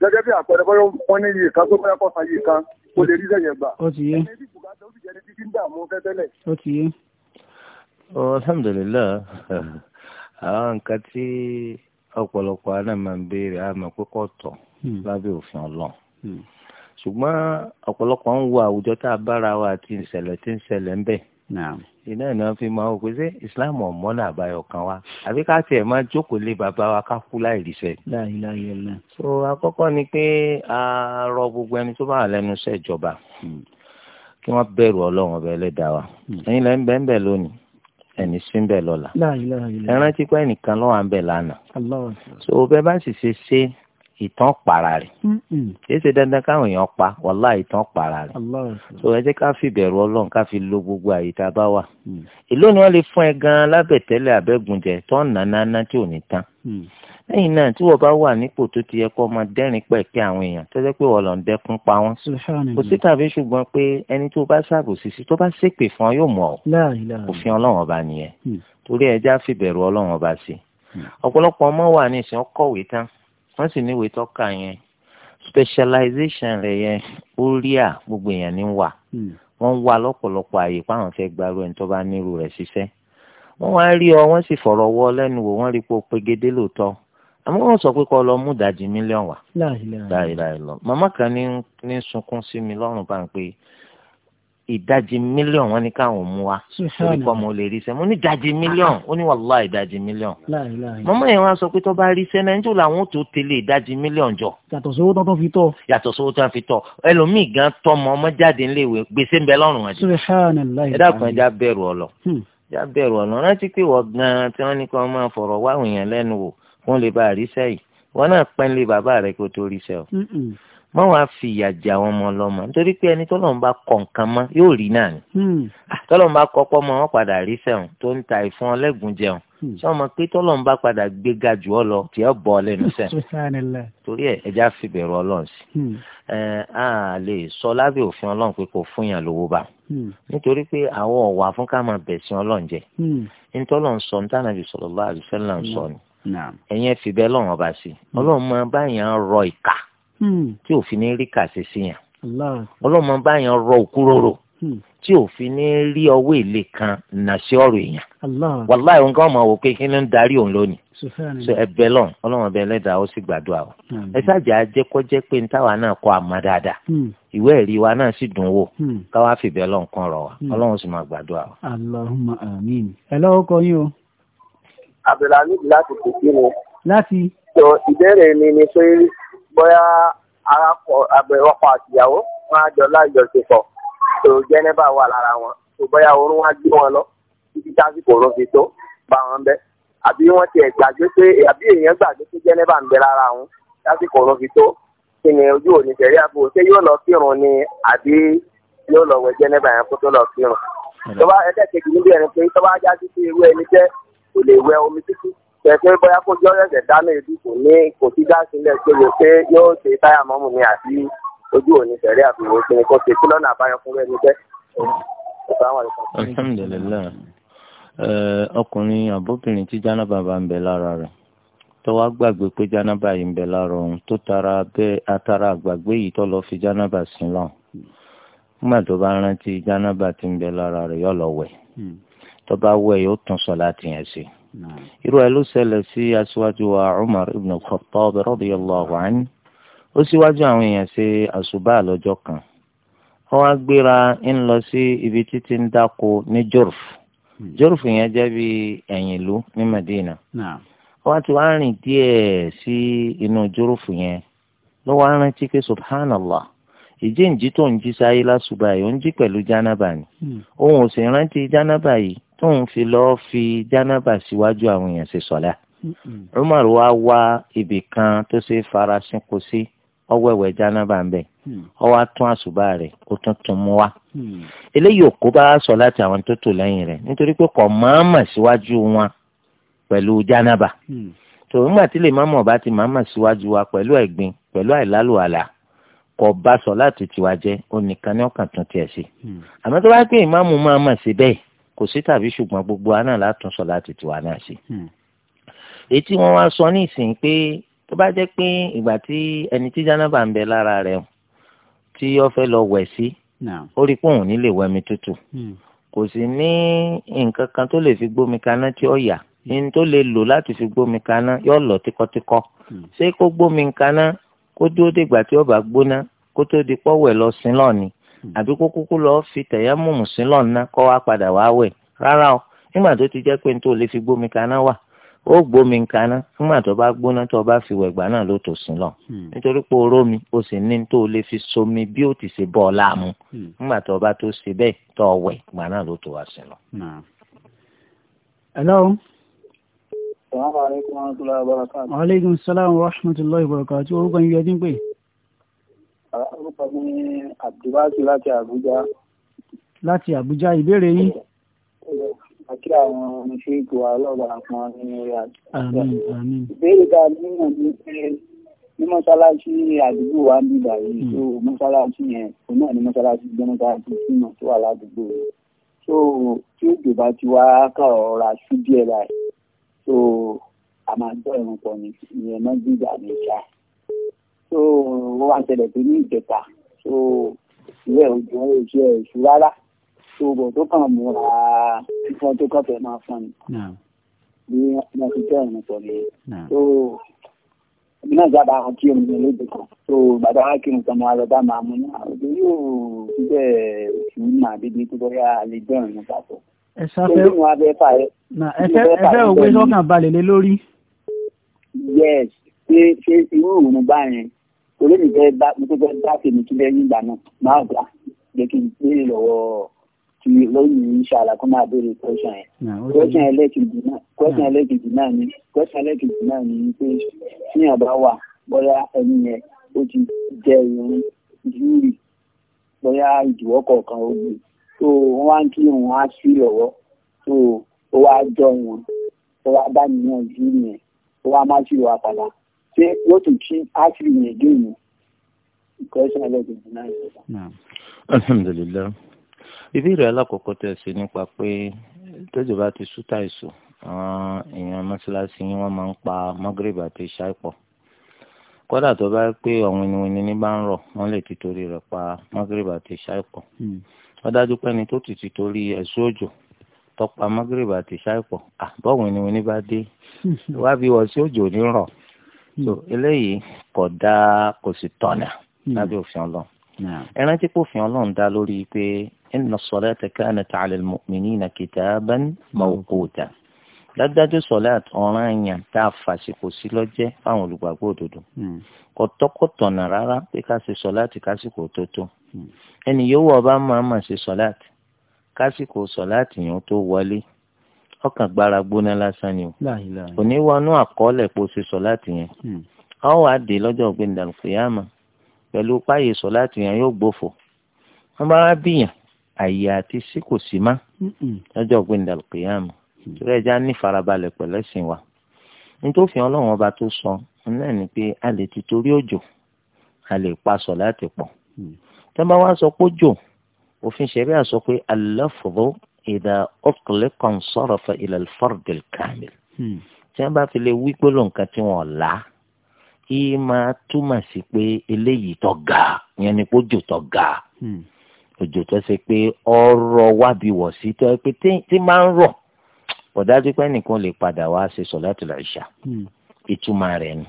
gẹ́gẹ́ bí àpẹẹrẹ bọ́yọ̀ wọ́n ní iye kan tó bá yàtọ̀ sáyé kan kó lè rí sẹ́yìn gbà. ó ti yé. ó ti yé. alhamdulillah àwọn nǹkan tí ọ̀pọ̀lọpọ̀ aná máa ń béèrè àmọ́ pípọ̀ tọ̀ lábẹ́ òfin ọlọ́run hmm. ṣùgbọ́n ọ̀pọ̀lọpọ̀ ń wo àwùjọ tá a bára wa àti ìṣẹ̀lẹ̀ tí ń ṣẹlẹ̀ ń bẹ̀ iná ìná fi máa wò pé ṣé islam ọ̀mọ́nà àbáyọ kan wa àbí ká tiẹ̀ máa jókòó lé bàbá wa ká kú láì ríṣẹ́. so àkọ́kọ́ ni pé a rọ gbogbo ẹni tó bá wà lẹ́nu iṣẹ́ ìjọba hmm, kí wọ́n bẹ̀rù ọlọ́run ọbẹ̀ ẹlẹ́dàá wa hmm. ẹ̀yin lẹ́ ń bẹ́ ń bẹ̀ lónìí ẹni sí ń bẹ̀ lọ́la ẹ rántí pé ẹnìkan lọ́wọ́ à ń bẹ̀ lánàá so bẹ́ẹ̀ bá sì ìtàn para rẹ̀ kìí ṣe dandan káwọn èèyàn pa wàhálà ìtàn para rẹ̀ so ẹ jẹ́ ká fi bẹ̀rù ọlọ́run ká fi lo gbogbo àyè tá a bá wà mm. èló ni wọ́n lè fún ẹ gan lábẹ̀tẹ́lẹ̀ abẹ́gùnjẹ tó ń nànáná tí ò ní tán mm. lẹ́yìn náà tí wọ́n bá wà nípò tó ti yẹ kó máa dẹ́rìn pẹ̀kẹ́ àwọn èèyàn tó jẹ́ pé wọ́n lọ ń dẹ́kun pa wọ́n kò sí tàbí ṣùgbọ́n pé ẹni tó bá ṣàbòsí sí tó bá ṣépè fún ọ yóò mọ̀ ọ́ òfin ọlọ́run ọba nìyẹn mm. torí ẹja fìbẹ̀rù ọlọ́run ọba sí ọ̀pọ̀lọpọ̀ ọmọ wà ní ìsìn ọkọ̀wé tán wọ́n sì níwèé tọ́ka yẹn specialization rẹ̀ yẹn ó rí à gbogbo èèyàn ní wà hmm. wọ́n ń wá lọ́pọ̀lọpọ̀ àyè páwọn fẹ́ gbarú ẹni tó bá nírú rẹ̀ ṣiṣẹ́ wọ́n wá rí ọ wọ́n sì fọ̀rọ̀ wọ́ lẹ́nu wò wọ́n rí pé o pegedé lóòótọ́ àmọ́ wọ́n sọ pé kọ́ lọ mú ìdajì mílíọ̀n wá láìláì lọ kan ní sunkún sí mi lọ́rùn bá ń pè é ìdajì mílíọ̀n wọn ni káwọn mú wa torí kọ́ mo lè rí sẹ́ mo ní ìdajì mílíọ̀n ah. ó ní wàhálà ìdajì mílíọ̀n. mọ́mọ́ yẹn wá sọ pé tó bá rí sẹ́ nàìjíríà làwọn ò tó tẹ̀lé ìdajì mílíọ̀n jọ. yàtọ̀ sówó tó tó fi tọ̀. yàtọ̀ sówó tó fi tọ̀ ẹlòmíì gan tọmọ ọmọ jáde nílé ìwé gbèsè ń bẹ lọ́rùn ẹ̀. ẹ dákun ẹja bẹ̀rù hmm. bẹ̀rù ọ̀lọ́ má wàá fi ìyà jẹ àwọn ọmọ ọlọ́mọ nítorí pé ẹni tọ́lọ́run bá kọ nǹkan mọ́ yóò rí náà ni hmm. ah, tọ́lọ́run bá kọ pọ́ mọ́ wọn padà rí sẹ́wọ̀n tó ń ta ìfún ọlẹ́gùn jẹun hmm. ṣé ọmọ pé tọ́lọ́run bá padà gbéga jù ọ lọ tí ẹ bọ́ ọ lẹ́nu sẹ́wọ̀n torí ẹ ẹja fi bẹ̀rù ọlọ́run sí hmm. ẹ á lè sọ lábẹ́ òfin ọlọ́run pé kò fún yàn lówó bá nítorí pé àwọn ọ̀wà fún máa bẹ̀sìn sí ọlọ́run máa Hmm. tí òfin ní rí kàṣe sí yàn ọlọ́mọ báyàn rọ òkúròrò hmm. tí òfin ní rí ọwọ́ èlé kan nà sí ọ̀rọ̀ èèyàn wàláì òun kàn máa wò pé kí ló ń darí òun lónìí so ẹbẹ lọ ọlọ́mọ bẹ lẹ́dàá ó sì gbàdúrà o hmm. ẹ ṣáàjà jẹ́kọ́jẹ́ pé ní táwa náà kọ́ àmọ́ dáadáa ìwé ẹ̀rí wa náà sì dùn wò káwá fìbẹ́ lọ nǹkan rọ̀ wá ọlọ́run sì máa gbàdúrà o. Allahumma àmín. ẹ lọ́wọ́ kọ yín o. Abdulhamid láti kò sí mi. láti. sọ ìbéèrè mi ni pé bóyá arákọ̀ ọkọ àtìyàwó wọn á jọ láìjọṣepọ̀ tó jẹ́nẹ́bà wà lára wọn tó bóyá oorun wá gbé wọn lọ títí tásìkò oorun fi tó bá wọn bẹ́ àbí wọ́n tiẹ̀ gbàgbé pé àbí èèyàn gbàgbé pé jẹ́nẹ́bà ń bẹ lára wọn tásìkò oorun fi tó kí ni ojú òní tẹ̀lé àbò ṣé yóò lọ kírun ni àbí yóò lọ wẹ jẹ́nẹ́bà yẹn kó tó lọ kírun tó bá ẹlẹ́kẹ̀kẹ̀ níbi ẹni pé tó bá jáde sí irú ẹni jẹ́ kò lè wẹ omi tútù pẹ̀pẹ́ bóyá kó jọ́ ẹ̀sẹ̀ dáná ìdìbò ní kò sí gáàsì ilẹ̀ tó lè pé yóò ṣe táyà mọ́mù ni àti ojú òní tẹ̀lé àfihàn òfin kò ṣe kí lọ́nà àbáyọ fún bẹ́ẹ̀ níbẹ̀. alhamdulilayi ọkùnrin àbóbìnrin tí jánábà bá ń bẹ lára rẹ̀ tó wá gbàgbé pé jánábà yìí ń bẹ lára òun tó tara bẹ́ẹ̀ atara àgbàgbé yìí tó lọ fi jánábà sí lọ nígbà tó bá rántí jánábà ti ń bẹ lára rẹ̀ yọ lọ wẹ̀ hmm. tó bá wẹ̀ yóò tún sọ láti yẹn sí irú ẹ̀ ló ṣẹlẹ̀ sí aṣíwájú wa Umar ibn Khattab radiyallahu anhu ó síwájú àwọn èèyàn ṣe àṣùbà lọ́jọ́ kan wọ́n wá gbéra ń lọ sí ibi títí ń dáko ní Jorf hmm. Jorf yẹn jẹ́ bí ẹ̀yìn ìlú ní Madina wọ́n ti wá rìn díẹ̀ sí inú Jorf yẹn ló wá rántí pé subhanallah ìjíǹjí tó ń jí sáyé lásùbà yìí ó ń jí pẹ̀lú jánábà ni hmm. òun ò sì rántí jánábà yìí tóun fi lọ́ọ́ fi jánábà síwájú àwọn èèyàn ṣe sọ̀lá. Umar wa wá ibì kan tó ṣe farasin kò sí ọwẹ́wẹ́ jánábà ń bẹ̀ ọ mm. wá tún àṣùbà rẹ̀ ó tún tún mú wá. Mm. eléyìí òkú bá sọ láti àwọn tó tò lẹ́yìn rẹ̀ nítorí pé kò máàmà síwájú wọn pẹ̀lú jánábà. Mm. tòun gbà tí lè máàmà ọba ti máàmà síwájú wa pẹ̀lú ẹ̀gbin pẹ̀lú àìlálùwàlà kò bá sọ láti tiwa jẹ́ onìkan ní ọkàn tún tiẹ̀ ṣe. àmọ́ tó bá pé ìmáàmù máa sí bẹ́ẹ̀ kò sí tàbí ṣùgbọ́n gbogbo àná látúnṣọ láti tiwa náà sí. Hmm. èyí tí wọ́n wá sọ nísìn pé tó bá jẹ́ pé ìgbà tí ẹni tí jánábà ń bẹ lára rẹ̀ tí ó fẹ́ lọ wẹ̀ sí ó rí pé òun nílé wẹmi tútù hmm. kò sí ní nǹkan kan tó lè fi gbómi kaná tí ó yà hmm. ní tó lè lò láti fi gbómi kaná yóò lọ tíkọ́tíkọ́ ṣé kó gbómi kaná kó dúró dìgbà tí ó bá gbóná kó tó di pọ́wẹ̀ lọ sí lọ́ọ̀ni Hmm. àbí kókókó lọ fi tẹ̀yẹ́mùmù sí lọ́nà kọ́ wá padà wá wẹ̀ rárá o nígbà tó ti jẹ́ pé n tó lè fi gbómi kaná wà ó gbómi kaná nígbà tó gbóná tó bá fi gbà náà ló tò sí hmm. nítorí pé mi o sì ní tó lè fi somi bí o ti ṣe bọ́ ọ láàmú hmm. nígbà tó bá tó ṣe gbà náà ló wá sí lọ. hello. salaamaleykum wa rahmatulahi wa salaam wa rahmatulahi wa orúkọ mi abdulwasi láti Àbújá. láti Àbújá ìbéèrè yín. àti àwọn oníṣẹ́ ìgò alọ́ba kan ní orí àti. ìbéèrè tá a nímọ̀ ní pé ní mọ́ṣáláṣí àdúgbò wa ń bíbà yìí tó hmm. mọ́ṣáláṣí yẹn òun náà ní mọ́ṣáláṣí gbẹ́mọ́ṣáláṣí sínú tó wà ládùúgbò rẹ̀ so tí òjò bá ti wá kà ọ̀ra sí díẹ̀ báyìí so a máa gbọ́ ìrùn pọ̀ ní ìyẹn náà gbígbà ní ìṣá so wọ́n wá ń tó ní ìjẹta so ìwé òjò oṣù ẹ̀ oṣù rárá so bọ̀ tó kàn múra fífọ́n tó kàn fẹ́ máa fún mi ní wọ́n ti tẹ́ ẹ̀rùn sọ̀lẹ̀ so èmi náà jábàá àwọn kí omi lóde kan so bàbá wa kí n sọ mọ àlọ́ bá máa mú náà òjò yóò fi bẹ́ẹ̀ oṣù máa débi tó bọ́yá alẹ́ dẹ́rùn ní pàtó. ẹ sáfẹ́ ẹ fẹ́ òwe sọ́kàn balẹ̀ lé lórí. yes ṣe irú òun bá yẹn kò lè nìfẹ́ bá mo tó fẹ́ bá tèmi tó fẹ́ yín gbà náà máa gbà jẹ́ kí n béèrè lọ́wọ́ ti lóyún ìṣàlà kó máa béèrè kọ́ṣán yẹn kọ́ṣán ẹlẹ́kìndì náà kọ́ṣán ẹlẹ́kìndì náà ni kọ́ṣán ẹlẹ́kìndì náà ni pé tíyàn bá wà bóyá ẹni yẹn ó ti jẹ́ irun júùrì bóyá ìdìwọ́ kọ̀ọ̀kan ó gbé tó wọ́n wá ń kí wọn á sí lọ́wọ́ tó ó wá jọ wọn ó wá bá nìyàn júùrì yẹn ó wá má sí wà padà ṣé yóò tún kí áṣírí ní èdè mi question ẹlẹ́gbẹ̀rún náà yóò alhamdulilayi ìbéèrè alákọ̀ọ́kọ́ tẹ̀ ṣe nípa pé tọ́jú bá ti sútà ìṣù àwọn èèyàn mọ́ṣáláṣí yín wọ́n máa ń pa magreb àti ṣáìpọ̀ kódà tó bá pé ọ̀hún ni wọ́n ní bá ń rọ̀ wọ́n lè ti torí rẹ̀ pa magreb àti ṣáìpọ̀ wọ́n hmm. dájú pé ẹni tó ti ti torí ẹ̀sùn òjò tọ́pa magreb àti ṣáìpọ̀ àbọ̀wọ̀n ni wọ́n ní bá dé hmm. wá wọ́n sí òjò ní rọ̀ so hmm. eléyìí kò dáa kò sì tọ̀nà hmm. lábẹ́ òfin ọlọ́run ẹran tí kò fi ọlọ́run dá lórí pé inna salata kanat ala al-mu'minina kitaban mawquta dájúdájú sọláàt ọ̀ràn èèyàn tá a fàṣìkò sí lọ́jẹ́ fáwọn olùgbàgbọ́ òdodo hmm. kò tọ́kọ̀tọ̀nà rárá pé ká ṣe sọláàt kásìkò tó tó ẹnì yòówù ọba máa máa ṣe sọláàt kásìkò sọláàt yẹn tó wọlé ọkàn gbára gbóná lásán ni o kò wọnú àkọọ́lẹ̀ pé o ṣe sọ láti yẹn hmm. a ó wàá dé lọ́jọ́ ọ̀gbìn dàlùkìyàmà pẹ̀lú páyé sọ láti yẹn yóò gbófò wọ́n bá wá bìyàn àyè àti sí kò sí má hmm. lọ́jọ́ ọ̀gbìn dàlùkìyàmà hmm. torí ẹja ní farabalẹ̀ pẹ̀lẹ́ sìn wa nítòfin ọlọ́run ọba tó sọ náà ni pé a lè ti torí òjò a lè pa sọ láti pọ̀ tí bá wá sọ pé òjò òfin ṣẹ̀rí àsọ pé alẹ́ fọ́fọ́ ìdá ọkùnrin kan sọ̀rọ̀ fún ilẹ̀ fọ́ọ̀dìl kàmìl. tí wọ́n bá fi lè wí pé lóǹkan tí wọ́n là á kí máa túmọ̀ sí pé eléyìí tó ga yẹn ni pé òjò tó ga hmm. òjò tó ṣe pé ọ̀rọ̀ wábi wọ̀ sí tó ẹ pé tí máa ń rọ̀ ọ̀dájú pé nìkan lè padà wá ṣe sọ̀láàtù ìṣà hmm. ìtumọ̀ rẹ̀ ni.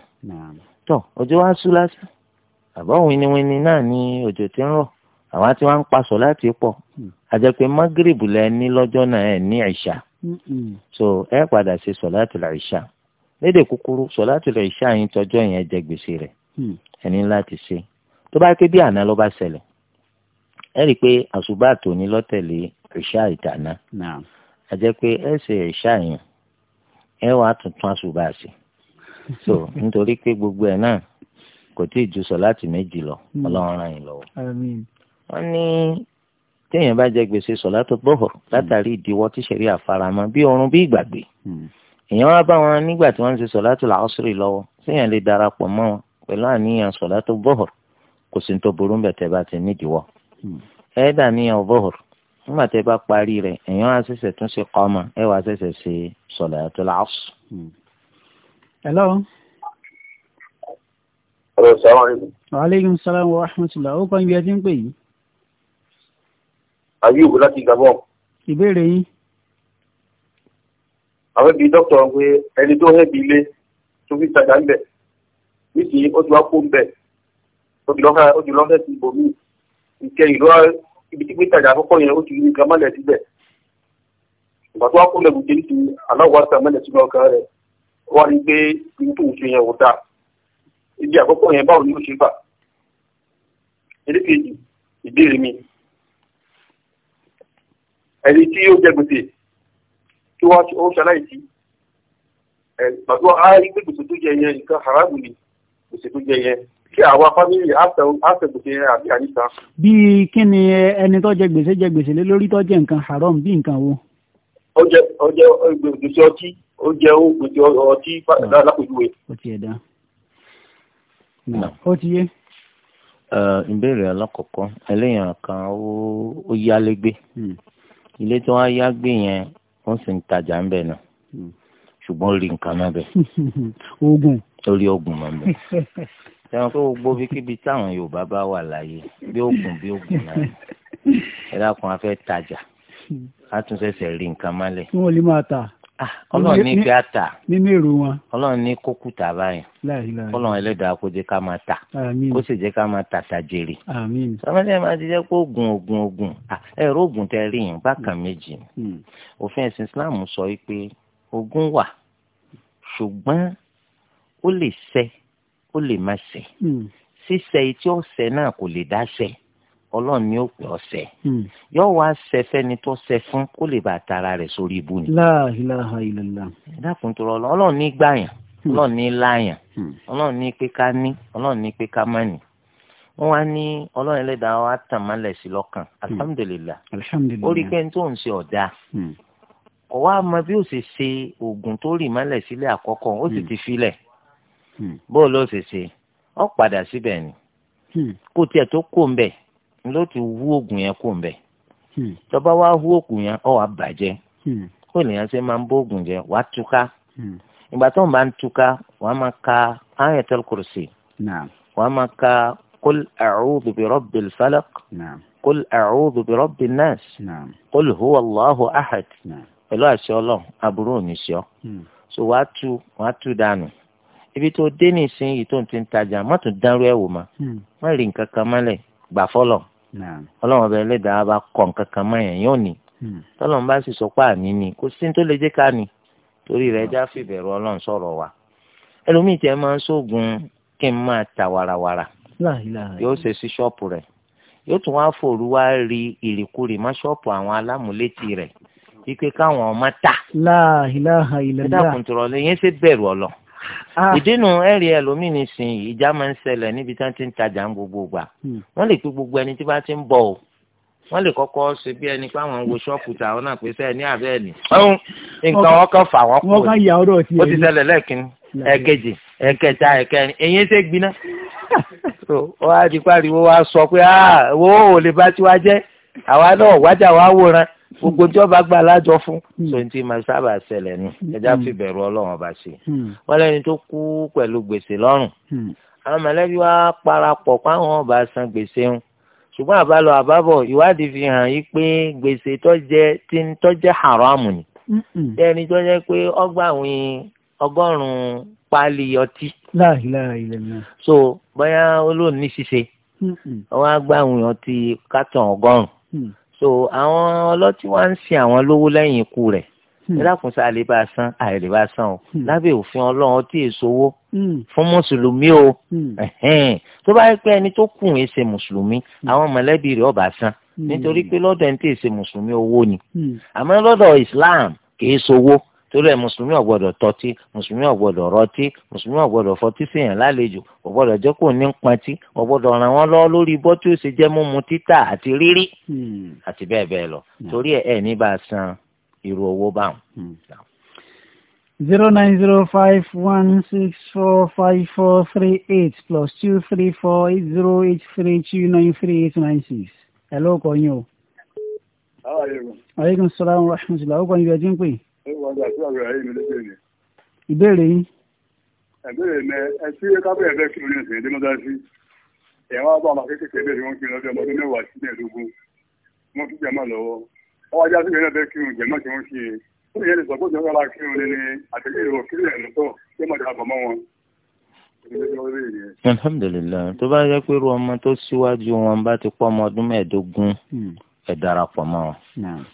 tó òjò wá sú lásán àbọ̀ náà ni òjò ti ń rọ̀ àwọn àti wọn ń pa sọ láti pọ̀ àjẹpẹ́ hmm. magrebu lẹ ní lọ́jọ́ náà ẹ̀ ní ìṣà so ẹ padà ṣe sọ láti rà ìṣà lédè kúkúrú sọ láti rà ìṣà yín tọjọ́ yẹn jẹ gbèsè rẹ̀ hmm. ẹni láti ṣe tó bá ké bí àná ló bá ṣẹlẹ̀ ẹ rí i pé àṣùbà tòní lọ́tẹ̀lé ìṣà ìtàná àjẹpẹ́ ẹ ṣe ìṣà yẹn ẹ wàá tuntun àṣùbà ṣe so <laughs> nítorí pé gbogbo ẹ náà kò tí ì ju sọ láti méjì lọ hmm. ọlọ́run ràn yín lọ́wọ́. wọ́n ní téèyàn bá jẹ gbèsè sọ̀lá tó bọ̀họ̀ látàrí ìdíwọ́ tí ṣẹ̀rí àfaramọ́ bí oorun bí ìgbàgbé hmm. èèyàn wá bá wọn nígbà tí wọ́n ń ṣe sọ̀lá tó làásùrì lọ́wọ́ téèyàn lè darapọ̀ mọ́ wọn pẹ̀lú àníyàn sọ̀lá tó bọ̀họ̀ kò sí tó burú bẹ̀ tẹ́ bá ti nídìíwọ́ hmm. ẹ dà níyàn bọ̀họ̀ nígbà tẹ́ bá parí rẹ̀ èèyàn á ṣẹ̀ṣẹ̀ tún ṣe kọ́mọ ẹ wá ṣẹ̀ṣẹ̀ ṣe sọ̀lá tó làásù. Hmm. hello. wa aleykum wa rahmatulah ẹ ayub láti gabon. ìbéèrè yín. àwọn ibi dókítà wọn pé ẹni tó hẹ́bi ilé tó fi tajà ń bẹ̀ nísìnyí ó ti wá kó ń bẹ̀ ó ti lọ́fẹ́ sí ibòmíì ìkẹyìn ló wá ibi tí pé tajà àkọ́kọ́ yẹn ó ti rí nǹkan mọ́lẹ̀ síbẹ̀ ìgbà tó wá kó lẹ́gùn jẹ́ nítorí aláwọ̀ àti àmọ́lẹ̀ sínú ọkàn rẹ̀ wá rí pé ibi tó ń ṣe yẹn ò dáa ibi àkọ́kọ́ yẹn báwo ni ó ṣe fà. elékejì ìbéèrè mi ẹni tí yóò jẹ gbèsè kí wọ́n ó ṣaláìsí pàtó a rí pé gbèsè tó jẹ yẹn nǹkan haramu ni gbèsè tó jẹ yẹn kí àwa fámìlì àfẹ gbèsè yẹn bí kí ni ẹni tó jẹ gbèsè jẹ gbèsè lé lórí tó jẹ nǹkan haram bí nǹkan wo. ó jẹ ó gbèsè ọtí ó jẹ gbèsè ọtí ó ti ẹ̀ dá ó ti yé ìbéèrè alákọ̀ọ́kọ́ ẹlẹ́yìn ó yálégbé hmm. ilé tí wọ́n yá gbé yẹn wọ́n sì ń tajà ń bẹ̀ náà hmm. ṣùgbọ́n ó rí nǹkan náà bẹ̀. <laughs> oògùn. ó rí oògùn mọ́ bẹ́ẹ̀. sẹ́wọ̀n pé gbogbo bíkíbi táwọn Yorùbá bá wà láyé bí oògùn bí oògùn náà <laughs> ẹ dákun afẹ́ tajà hmm. a tún ṣẹ̀ṣẹ̀ rí nǹkan mọ́lẹ̀. kí wọ́n lè máa ta. Ah, ọlọ́run ní kí á tà nínú èrò wọn ọlọ́run ní kó kú tà báyìí ọlọ́run ẹlẹ́dàá kó jẹ́ ká máa tà kó sì jẹ́ ká máa tà tà jèrè sọmọdé máa ti jẹ́ pé oògùn oògùn oògùn ah, ẹ̀rọ oògùn tẹ rí yẹn bákan méjì hmm. Hmm. òfin ẹ̀sìn Islam sọ pé oògùn wà ṣùgbọ́n ó lè ṣẹ ó lè má ṣẹ hmm. ṣíṣẹ etí ọ̀sẹ̀ náà kò lè dá ṣẹ ọlọ́run ni ó pè ọ́ sẹ́ hmm. yóò wá sẹ fẹ́ni tó sẹ fún kó lè bá tara rẹ̀ sórí ibu ni. la ilaha illallah. dákun tó rọ ọlọ́run ní gbàyàn hmm. ọlọ́run ní láyàn hmm. ọlọ́run ní pé ká ní ọlọ́run ní pé ká má ní wọ́n wá ní ọlọ́run ẹlẹ́dàá wa tàn málẹ̀ sí lọ́kàn alhamdulilah ó rí pé tó ń ṣe ọ̀dà kò wá mọ bí ó ṣe ṣe oògùn tó rì málẹ̀ sílẹ̀ àkọ́kọ́ ó sì ti filẹ̀ bó ló ṣe ṣe ó padà síbẹ̀ ni kó tiẹ̀ tó kó ń bẹ̀ ló ti wú oògùn yẹn kó mbẹ hmm. tó bá wá oògùn yẹn ọ wà bàjẹ́ kó hmm. lèyàn ṣe máa ń bó oògùn jẹ wàá túká hmm. ìgbà tó ń bá ń túká wàá máa ka ayatul kursi wàá máa ka kul a'udhu bi rabbil falaq kul a'udhu bi rabbin huwa allahu ahad pẹ̀lú àṣẹ ọlọ́run ọlọ́run ọba ẹlẹ́dàá bá kọ̀ nǹkan kan mọ́ èèyàn yóò ní hmm. tọ́lọ́run bá sì sọ pé àní ni kò sí ní tó lè jẹ́ ká ní torí rẹ̀ já fìbẹ̀rù ọlọ́run sọ̀rọ̀ wa ẹlòmíì tẹ máa ń sóògùn kí n máa ta warawara yóò ṣe sí ṣọ́ọ̀pù rẹ̀ yóò tún wá fòru wá rí ìrìkúrì má ṣọ́ọ̀pù àwọn alámúlétì rẹ̀ wípé káwọn ọmọ ta. láàhìláhà ìlẹ́dà ẹ̀dá kùntùrọ̀ lẹ́yìn ṣe bẹ̀rù ọlọ́run Ah. ìdínú ẹ̀rí ẹlòmíì nísìnyí ìjà máa ń ṣẹlẹ̀ níbi tí wọ́n ti ń tajà ń gbogbo hmm. wọ́n lè pe gbogbo ẹni tí bá ti ń bọ̀ o wọ́n lè kọ́kọ́ ṣe bí ẹni pé àwọn wo ṣọ́ọ̀pù náà ní abẹ́ ẹ̀ ní. nǹkan wọn kan fà ó ti ṣẹlẹ̀ ẹ̀kejì ẹ̀kẹta ẹ̀kẹrin èyí <laughs> sọ pé ah, wo ò lè bá tiwa jẹ́ àwa náà wájà wá gbogbo tí ọba gba alájọ fún hmm. sọyìn tí màá sábà ṣẹlẹ̀ nù hmm. ẹjá fi hmm. bẹ̀rù Ọlọ́run ọba ṣe wọn lẹ́ni tó kú pẹ̀lú gbèsè lọ́rùn àwọn mọ̀lẹ́bí wa parapọ̀ páwọn ọba san gbèsè ń ṣùgbọ́n àbálọ àbábọ̀ ìwádìí fi hàn yí pé gbèsè tọ́jẹ́ tí ń tọ́jẹ́ haramu ni ẹni tó jẹ́ pé ọgbà wín ọgọ́rùn-ún páálí ọtí. so bóyá olóòní ṣiṣe wọn á gbà wín ọtí kátàn ọgọ́rùn so àwọn ọlọ́tí wá ń sin àwọn lówó lẹ́yìn ikú rẹ̀ hmm. ẹlẹ́kùn sá lè bá a san àì lè bá a san o hmm. lábẹ́ òfin ọlọ́run tí èso owó hmm. fún mùsùlùmí o tó bá yẹ pé ẹni tó kù ń ṣe mùsùlùmí àwọn mọ̀lẹ́bí rẹ̀ ọba san nítorí pé lọ́dọ̀ ẹni tí èso mùsùlùmí owó ni àmọ́ lọ́dọ̀ Islam kì í ṣowó torí ẹ mùsùlùmí ò gbọ́dọ̀ mùsùlùmí ò rọtí mùsùlùmí ò gbọ́dọ̀ fọtí sèèyàn lálejò ò gbọ́dọ̀ kó ní pọntí ò ràn wọ́n lọ́wọ́ lórí bọ́ tí ó ṣe jẹ́ mímu títà àti rírí hmm. àti bẹ́ẹ̀ bẹ́ẹ̀ lọ hmm. torí ẹ ẹ ní bá a san irú owó báwọn. Hmm. zero nine zero five one six four five four three eight plus two three four eight zero eight three two nine three eight nine six. Hello, ló kọ yín o. aleykum salaam wa rahmatulah ó kàn yín bí ẹ ìbéèrè yín. ìbéèrè mi ẹ sí kábíyà bẹ́ẹ̀ kí orin ìsìn dẹ́mọ́sáàsì ẹ̀wọ̀n àbọ̀ àmà kékeré bẹ́ẹ̀ ni wọ́n kí lọ́jọ́ ọmọdún mẹ́wàá sí mẹ́ẹ̀ẹ́dógún wọ́n fi jẹ̀mọ́ lọ́wọ́ ọwọ́ ajá sí ìrẹ́lẹ̀ bẹ́ẹ̀ kí orin jẹ̀mọ́ tí wọ́n ṣe ó yẹ lè sọ pé ìjọba kí orin ni àtẹ̀lé ìrọ̀ kílẹ̀ lọ́tọ̀ yẹ́ mọ̀ dàbọ̀ mọ́ wọn. alhamdulilayi tó bá yẹ pé irú ọmọ tó síwájú wọn bá ti pọ́ ọmọ ọdún mẹ́ẹ̀ẹ́dógún hmm. ẹ̀ darapọ̀ mọ́ wọn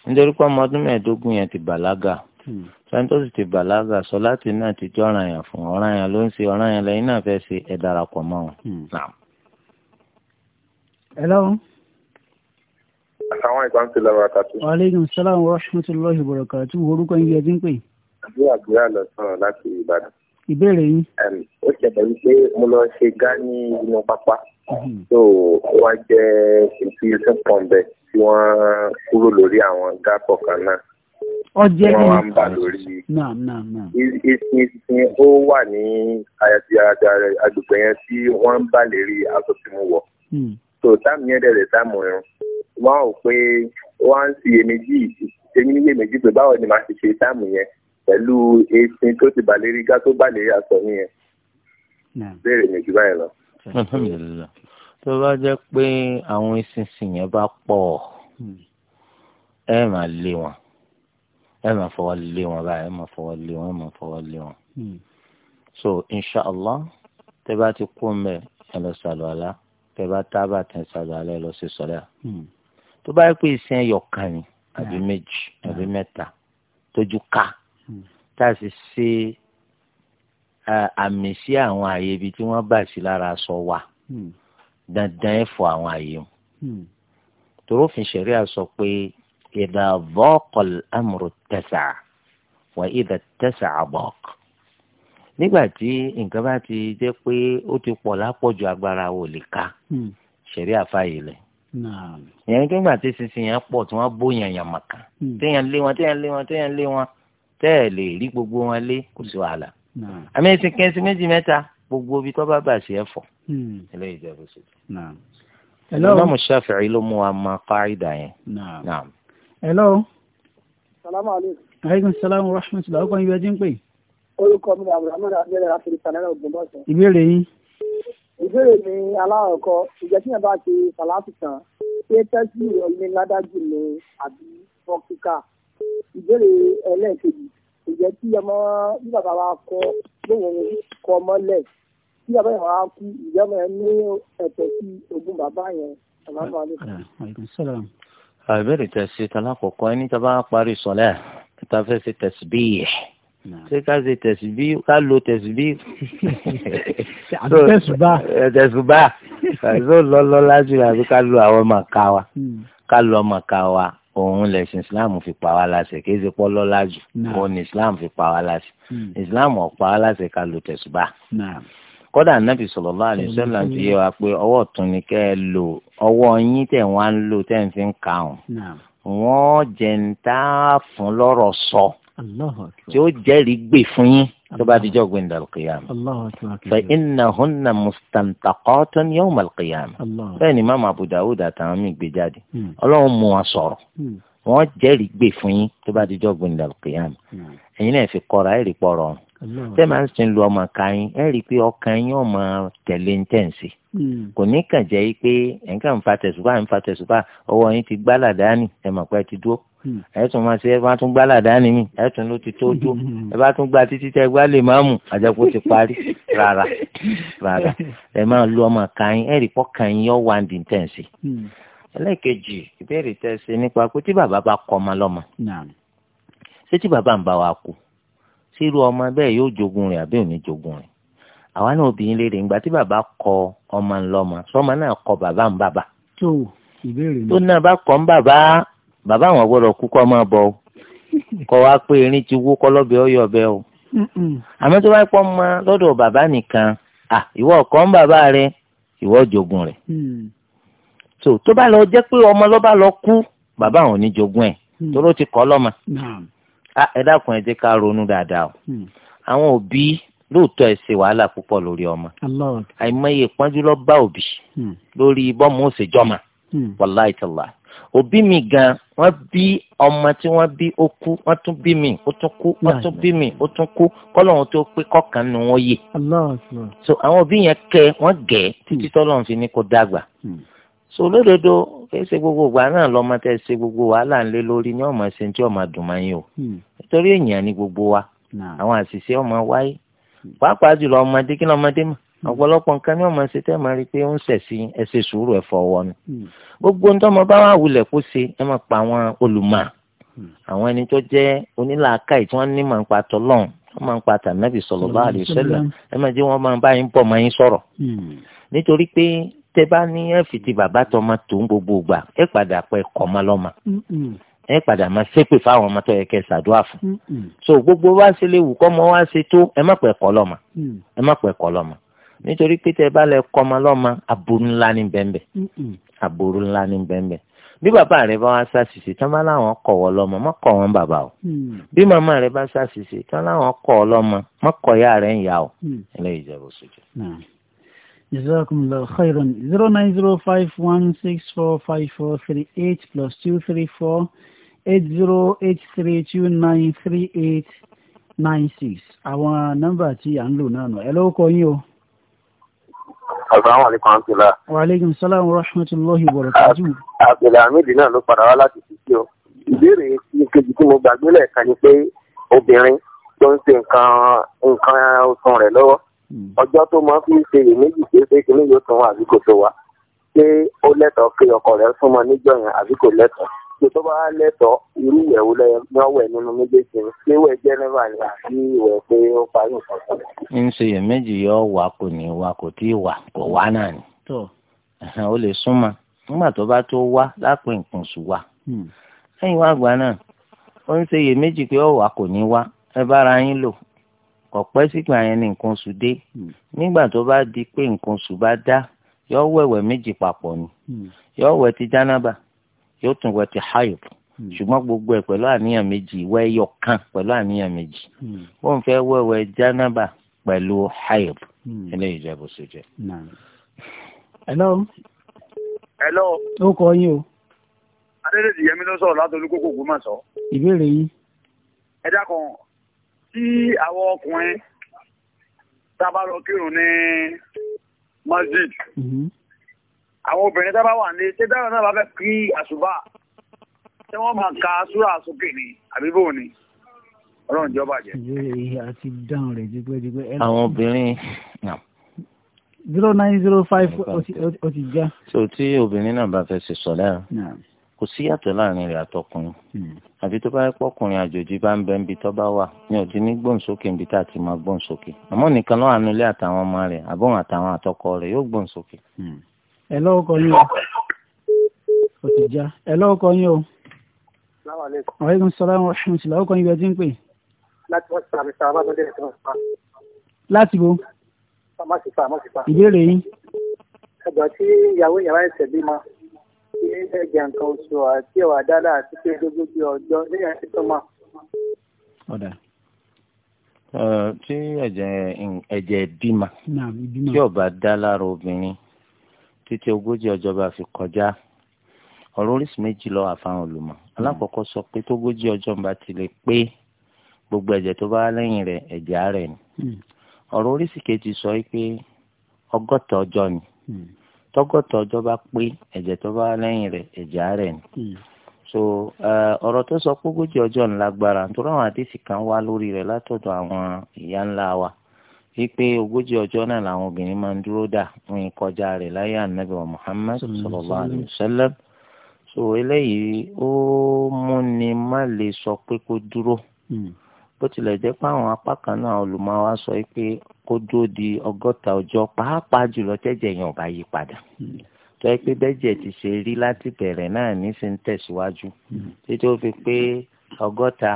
nítorí pé ọmọ ọdún mẹ́ẹ̀ẹ́dógún yẹn ti bàlágà Hmm. sọ́yìn ti bàlágà sọ láti náà ti ọ̀ràn yẹn fún ọ̀ràn yẹn ló ń ṣe ọ̀ràn yẹn lẹ́yìn náà fẹ́ ṣe ẹ̀ darapọ̀ mọ́ wọn. Hmm. hello. àtàwọn ìgbà ń ti lọ́wọ́ àtàtù. aleykum salaam wa rahmatulahi wa barakatu orúkọ yẹn ti ń pè. àbúrò àbúrò lọ láti ìbàdàn. ìbéèrè yín. ó ṣẹlẹ̀ wípé mo lọ ṣe gá inú pápá hmm. so wọ́n jẹ́ ìfiyèsí pọ̀ǹbẹ tí wọ́n kúrò lórí àwọn gáàpọ̀ kan náà ọjẹ́ ní wọ́n ń bà lórí ìsìn ó wà ní agbègbè yẹn tí wọ́n ń bà lérí aṣọ tí mo wọ̀ hmm. so táàmù yẹn dẹ̀rẹ̀ táàmù irun wọ́n ò pé wọ́n á ń ṣiyèméjì èmi níyèméjì pé báwo ni màá ti ṣe táàmù yẹn pẹ̀lú ìsìn tó ti bà lérí gá tó bà lérí aṣọ yẹn béèrè mi jù báyìí lọ. tó bá jẹ́ pé àwọn ìsinsin yẹn bá pọ̀ hmm. ẹ máa lé wọn ẹ máa fọwọ́ lé wọn báyìí ẹ máa fọwọ́ lé wọn ẹ máa fọwọ́ lé wọn. Hmm. so inshallah tẹ bá ti kú mẹ ẹ lọ sàlù àlá tẹ bá tábà tẹ sàlù àlá ẹ lọ sí sọlẹ. Hmm. tó bá yẹ pé ìsìn ẹyọ kan ni àbí méjì àbí mẹ́ta tójú ká hmm. tá a sì ṣe àmì sí àwọn àyè ibi tí wọ́n bà sí lára aṣọ wa dandan ẹ fọ àwọn àyè wọn. torófin ṣẹ̀ríà sọ pé. إذا ضاق الأمر tẹ̀sà وإذا ìdá ضاق bọ́ọ̀k. nígbà tí nǹkan bá ti jẹ́ pé ó ti pọ̀ lápọ̀jù agbára ò lè ká ṣẹ̀rí àfààyè lẹ̀. ìyẹn nígbà tí sísìn yẹn pọ̀ tí wọ́n bóyan yàn màkà téèyàn lé wọn téèyàn lé wọn téèyàn lé wọn tẹ́ẹ̀ lè rí gbogbo wọn lé kò sí wàhálà. àmì ìsìn kẹ́sì méjì mẹ́ta gbogbo ibi tó bá bàṣẹ ẹ̀fọ́. eléyìí jẹ́ bó ṣe. Imam Shafi'i ló mú wa máa káàídà yẹn hello. salaamaleykum. aleykum salaam wa rahmatulah ọkọ ibi ẹjẹ ń pè. orúkọ mi ni abdulhamid abdulayi rafetí sanara ogunbọsọ. ìbéèrè yín. ìbéèrè mi aláwọ̀kọ ìjẹ́ tí yẹn bá ti fàlàtì tán ṣé tẹ́sí ọ̀gbìn ládájú ni àbí fọ́kíkà ìbéèrè ẹlẹ́ẹ̀kejì ìjẹ́ tí ọmọ bí bàbá wa kọ lóun kọ mọ́lẹ̀ tí bàbá yẹn wá kú ìjọba yẹn ní ẹ̀tọ́ sí ogún bàbá yẹn. salaamaleykum àbẹ̀rẹ̀ tẹ̀sí talákọ̀ọ́kọ́ ẹni tá a bá parí sọ̀lẹ́ tá a fẹ́ ṣe tasbih ṣé ká ṣe tasbih ká lo tasbih. àbí tẹ̀sùbá. tẹ̀sùbá ṣó lọ́lọ́ lájú àbí ká lo àwọn ọmọ ká wa hmm. ká lo ọmọ ká wa òun lẹ̀sìn islam fi pa wá láṣẹ kì í pọ́ lọ́lá jù òun islam fi pa wá láṣẹ hmm. islam ò wá láṣẹ ká lo tẹ̀sùbá kódà nàbì sallallahu alaihi wasallam ti yé wa pé ọwọ́ ọ̀tún ni kẹ́ ẹ lò ọwọ́ yín tẹ̀ wá ń lò tẹ̀ ń fi ń kà ọ́n wọ́n jẹ́ ń tá a fún lọ́rọ̀ sọ tí ó jẹ́rìí gbè hmm. hmm. fún yín tó bá dijọ́ gbé ndàlù kìyàmù. fa innahunna mustantaqatun yawm al-qiyamah. bẹ́ẹ̀ ni máàmù Abu Dawud àtàwọn míì gbé jáde ọlọ́run mú wọn sọ̀rọ̀ wọ́n jẹ́rìí gbè fún yín tó bá dijọ́ gbé ndàlù kìyàmù. ẹ̀yin náà fi kọ́ra ẹ̀rí pọ̀rọ̀ ọ̀run tẹ́ máa ń sin lu ọmọ kàyín ẹ rí i pé ọkàn yín ọmọ tẹ̀lé ń tẹ̀sí hmm. kò ní kàn jẹ́ pé ẹ̀ ń kàn fa tẹ̀sùbá ń fa tẹ̀sùbá ọwọ́ yín ti gbá làdáni ẹ mọ̀ pé ẹ ti dúró hmm. ẹ tún máa ṣe ẹ bá tún gbá làdáni mi ẹ tún ló ti tó dúró hmm. ẹ bá tún gba títí tẹ gbá lè máa mú àjẹkù ti parí rárá rárá ẹ máa lu ọmọ kàyín ẹ rí i pọ́ kàyín yọ wá ń di tẹ̀sí ẹlẹ́ẹ̀kejì ìbéèrè tẹ́ ṣe nípa pé tí bàbá bá kọ́ ọmọ lọ́mọ sírú ọmọ bẹ́ẹ̀ yóò jogun rẹ̀ àbí òní jogun rẹ̀ àwa náà obìnrin léde ìgbà tí bàbá kọ ọmọ ńlọmọ sọmọ náà kọ bàbá ń bàbá. tó ìbéèrè mi. tó náà bá kọ́ ń bàbá bàbá àwọn gbọ́dọ̀ kú kọ́ máa bọ̀ <laughs> kọ́ wa pé erin ti wó kọ́lọ́bẹ̀ ọ̀yọ́ ọbẹ̀ o. àmọ́ tó bá pọ́ mọ́ lọ́dọ̀ bàbá nìkan ìwọ kọ́ ń bàbá rẹ ìwọ jogun rẹ̀. Mm. tó bá lọ jẹ́ pé ọmọ ló bá lọ kú bàbá àwọn ò Ah, ẹ dákun ẹ jẹ́ ká ronú dáadáa o hmm. àwọn òbí lóòótọ́ ẹ ṣe wàhálà púpọ̀ lórí ọmọ àìmọye ìpọ́njú lọ bá òbí hmm. lórí bọ́ọ̀mù òṣèjọ́mà hmm. wàláì tàlá òbí mi gan wọ́n bí ọmọ tí wọ́n bí ó kú wọ́n tún bí mi ó tún kú wọ́n tún bí mi ó tún kú kọ́lọ́hún tó pé kọ́kàn nu wọ́n yè so àwọn òbí yẹn kẹ́ wọ́n gẹ̀ẹ́ títí tọ́lọ́hún fi ní kó dàgbà so lódodo kìí ṣe gbogbo ìgbà náà lọ́mọ tẹ́ ṣe gbogbo wàhálà ńlẹ́ lórí ní ọmọ ṣe tí ọmọ dùn máa ń hmm. nítorí èèyàn ni gbogbo wa àwọn àṣìṣe ọmọ wáyé hmm. pàápàá jùlọ ọmọdé kí ni ọmọdé mọ̀ hmm. ọ̀pọ̀lọpọ̀ nǹkan ní ọmọ ṣe tẹ́ máa rí i pé ó ń ṣẹ̀sí ẹ̀ṣẹ̀ sùúrù ẹ̀fọ́ ọwọ́ ni gbogbo ń tọ́mọ bá wà wulẹ̀ kó ṣe ẹ máa pa àwọn olùmọ̀ àwọn ẹni tó jẹ́ onílàákàyè tí wọ́n ní tẹ bá ní ẹ fìdí bàbá tọmọ tó ń gbogbo gbà ẹ padà pẹ kọ́mọ lọ́mọ ẹ padà máa ṣépè fáwọn ọmọ tó yẹ kẹ́ ṣàdúrà fún so gbogbo wa ṣe lè wù kọ́mọ wa ṣe tó ẹ má pẹ́ kọ́ lọ́mọ mm. ẹ má pẹ́ kọ́ lọ́mọ nítorí pé tẹ bá lẹ kọ́mọ lọ́mọ aburú ńlá ní bẹ́ẹ̀ aburú ńlá ní bẹ́ẹ̀ bí bàbá rẹ bá wá ṣàṣìṣe tán bá láwọn kọ̀ wọ́ lọ́mọ má kọ̀ wọ́n bàbá o mm. bí màmá rẹ bá ṣàṣìṣe tán láwọn kọ̀ ọ́ lọ́mọ má kọ̀ ya rẹ̀ ń yà o ẹ mm. jẹ́ bó ṣe jẹ́ jazakumullahu khairan zero nine plus two three four eight zero eight three two nine three eight nine six àwọn nọ́mbà tí à ń lò náà nù ẹ ló kọ yín o. asalaamualeykum abdullahi. wa aleykum salaam wa rahmatulahi wa barakatuh. abdullahi amidi náà ló padà wá láti títí o ìbéèrè kejì tí mo gbàgbé lẹ́ẹ̀kan ni pé obìnrin tó ń ṣe nǹkan nǹkan oṣù rẹ̀ lọ́wọ́. Hmm. ọjọ́ tó máa fi ṣe iyèméjì pé pé kí ni yóò tó wá ṣé ó lẹ́tọ̀ọ́ pé ọkọ rẹ̀ súnmọ́ níjọ́ yẹn àbí lẹ́tọ̀ọ́ tó bá lẹ́tọ̀ọ́ irú lẹ́yìn náà wẹ̀ nínú méjèèjì ni ṣé wẹ̀ ìwẹ̀ pé ó parí kò ní kò tí kò wá náà ni. o lè nígbà tó bá tó wá lápè nǹkan hmm. ẹ kọ̀pẹ́ sígbà yẹn ni nǹkan oṣù dé hmm. nígbà tó bá di pé nǹkan oṣù bá dá yóò wẹ̀wẹ̀ méjì papọ̀ ni hmm. yóò wẹ̀ ti jánábà yóò tún wẹ̀ ti hayop hmm. ṣùgbọ́n gbogbo ẹ̀ pẹ̀lú àníyàn méjì wẹ̀ ẹyọ kan pẹ̀lú àníyàn méjì ó ń fẹ́ wẹ̀wẹ̀ jánábà pẹ̀lú hayop eléyìí jẹ́ bó ṣe jẹ́. hello. hello. ó kọ yín o. adédèjì yẹmi ló sọ̀rọ̀ látọ̀lú kókó ògbómọ̀ṣọ́. ìbéèrè yín. ẹ dákun tí àwọn ọkùnrin tábà lọ kírun ní masjid mm-hmm. àwọn obìnrin tábà wà ní ṣé dáhùn náà bá fẹ́ kí àṣùbà ṣé wọ́n máa ka súrà sókè ni àbí bò ni ọlọ́run ìjọba jẹ. ìbéèrè yìí àti dáhùn rẹ̀ dípẹ́dípẹ́. àwọn obìnrin náà zero nine zero five ó ti já. so tí obìnrin náà bá fẹ́ ṣe sọ̀lá kò sí yàtọ̀ láàrin rẹ̀ àtọkùnrin hmm. àfi tó bá yẹ pọkùnrin àjòjì bá ń bẹ níbi tó bá wà ní òdì ní gbòǹsókè níbi tá a ti máa gbòǹsókè àmọ́ nìkan lọ́wọ́ ànulẹ̀ àtàwọn ọmọ rẹ̀ àbọ̀n àtàwọn àtọkọ rẹ̀ yóò gbòǹsókè. ẹ hmm. lọ́kọ yín o kò ti já ẹ lọ́kọ yín o. aleykum salaam wa rahmatulah ọkọ yín bí ẹ ti ń pè. láti wọ́n ti sàmì sàmà tó dé ẹ̀sìn ọ̀sán. láti bo. ìbéèrè yín. ẹgbẹ́ tí ìyàwó sí ẹ̀jẹ̀ nǹkan oṣù àti ẹ̀wà dáadáa àti pé ogójì ọjọ́ ní ẹ̀sìn tó mọ̀. ọ̀dà tí ẹ̀jẹ̀ bímọ tí ó bá dá lára obìnrin títí ogójì ọjọ́ bá fi kọjá ọ̀rọ̀ oríṣi méjì ló wà fáwọn olùmọ̀ mm. alákọ̀ọ́kọ́ sọ pé tógójì ọjọ́ bá ti lè pé gbogbo ẹ̀jẹ̀ tó bá lẹ́yìn rẹ̀ ẹ̀jẹ̀ àárẹ̀ ni mm. ọ̀rọ̀ oríṣi kejì sọ pé ọgọ́ta ọjọ́ ni. Mm tọgọtọ ọjọ́ bá pé ẹ̀jẹ̀ tó bá lẹ́yìn rẹ̀ ẹ̀jẹ̀ àárẹ̀ ni hmm. so ọ̀rọ̀ tó sọ pé ogójì ọjọ́ ń lágbára nítorí àwọn àdìsí kan wá lórí rẹ̀ látọ̀dọ̀ àwọn ìyá ńlá wa wípé ogójì ọjọ́ náà làwọn obìnrin máa ń dúró dà wọn kọjá rẹ̀ láyé ànábì wa Muhammad sallallahu alaihi wasallam so eléyìí ó múni má lè sọ pé kó dúró. Mm bó tilẹ̀ jẹ́ pé àwọn apá kan náà olùmọ̀ wa sọ pé kó dúró di ọgọ́ta ọjọ́ pàápàá jùlọ tẹ́jẹ̀ yẹn ò bá yí padà tó yẹ pé bẹ́jẹ̀ ti ṣe rí láti bẹ̀rẹ̀ náà ní tẹ̀síwájú títí ó fi pé ọgọ́ta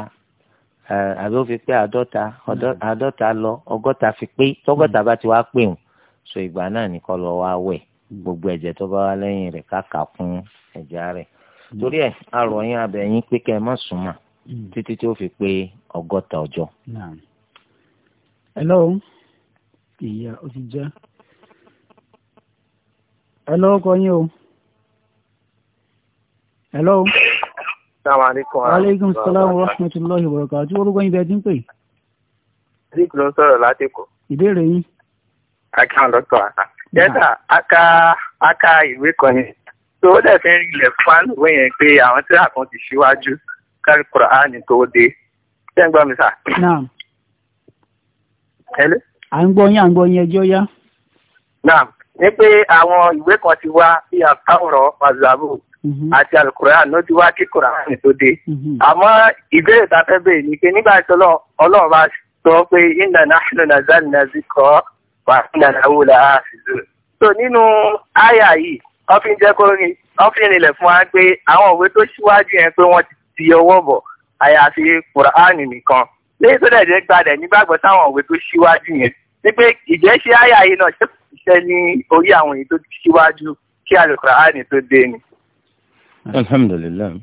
lọ ọgọ́ta fi pé tọ́gọ́ta bá ti so ìgbà náà ní kọ́ wá wẹ̀ gbogbo ẹ̀jẹ̀ tó bá wá lẹ́yìn rẹ̀ káàkà kún rẹ̀ torí ẹ̀ arọ̀ yín Hmm. títí tí ó fi pé ọgọ́ta ọjọ́. hello ìyá ó ti já hello ọkọ yín o hello. aleykum salaam wa rahmatulahi wa barakatuh tí orúkọ yín bẹ́ẹ̀ ti ń pè. rick ló ń sọ̀rọ̀ láti kù. ìbéèrè yín. akíwọn dọ́kítọ̀ àṣà. yẹ́sà aka aka ìwé kan yẹn tó dẹ̀ fi ń rinlẹ̀ fún àlùwẹ̀ yẹn pé àwọn tíra kan ti ṣíwájú kárí kùránì tó dé ṣé ń gbọ́ mi sà. náà hello. à ń gbọ́ yín à ń gbọ́ yín ẹjọ́ yá. náà ní pé àwọn ìwé kan ti wá bí àtàwòrán mazabu mhm. àti alukuran ló ti wá kí kùránì tó dé. Mhm. àmọ́ ìbéèrè tá a fẹ́ bèèrè ni pé nígbà tí ọlọ́run bá sọ pé inna nahnu nazzalna zikra wa inna lahu lahafizun. so nínú àyà yìí wọ́n fi ń jẹ́ kó rin wọ́n fi ń fún wa pé àwọn òwe tó ṣíwájú yẹn pé wọ́n ti fi ọwọ́ bọ̀ àyàfi kùránì nìkan lẹ́yìn tó dẹ̀ jẹ́ gbalẹ̀ nígbàgbọ́ táwọn òwe tó ṣíwájú yẹn ni pé ìjẹ́ ṣe àyà yìí náà ṣe ṣiṣẹ́ ní orí àwọn èyí tó ṣíwájú kí àlùkùránì tó dé ni. alhamdulilayi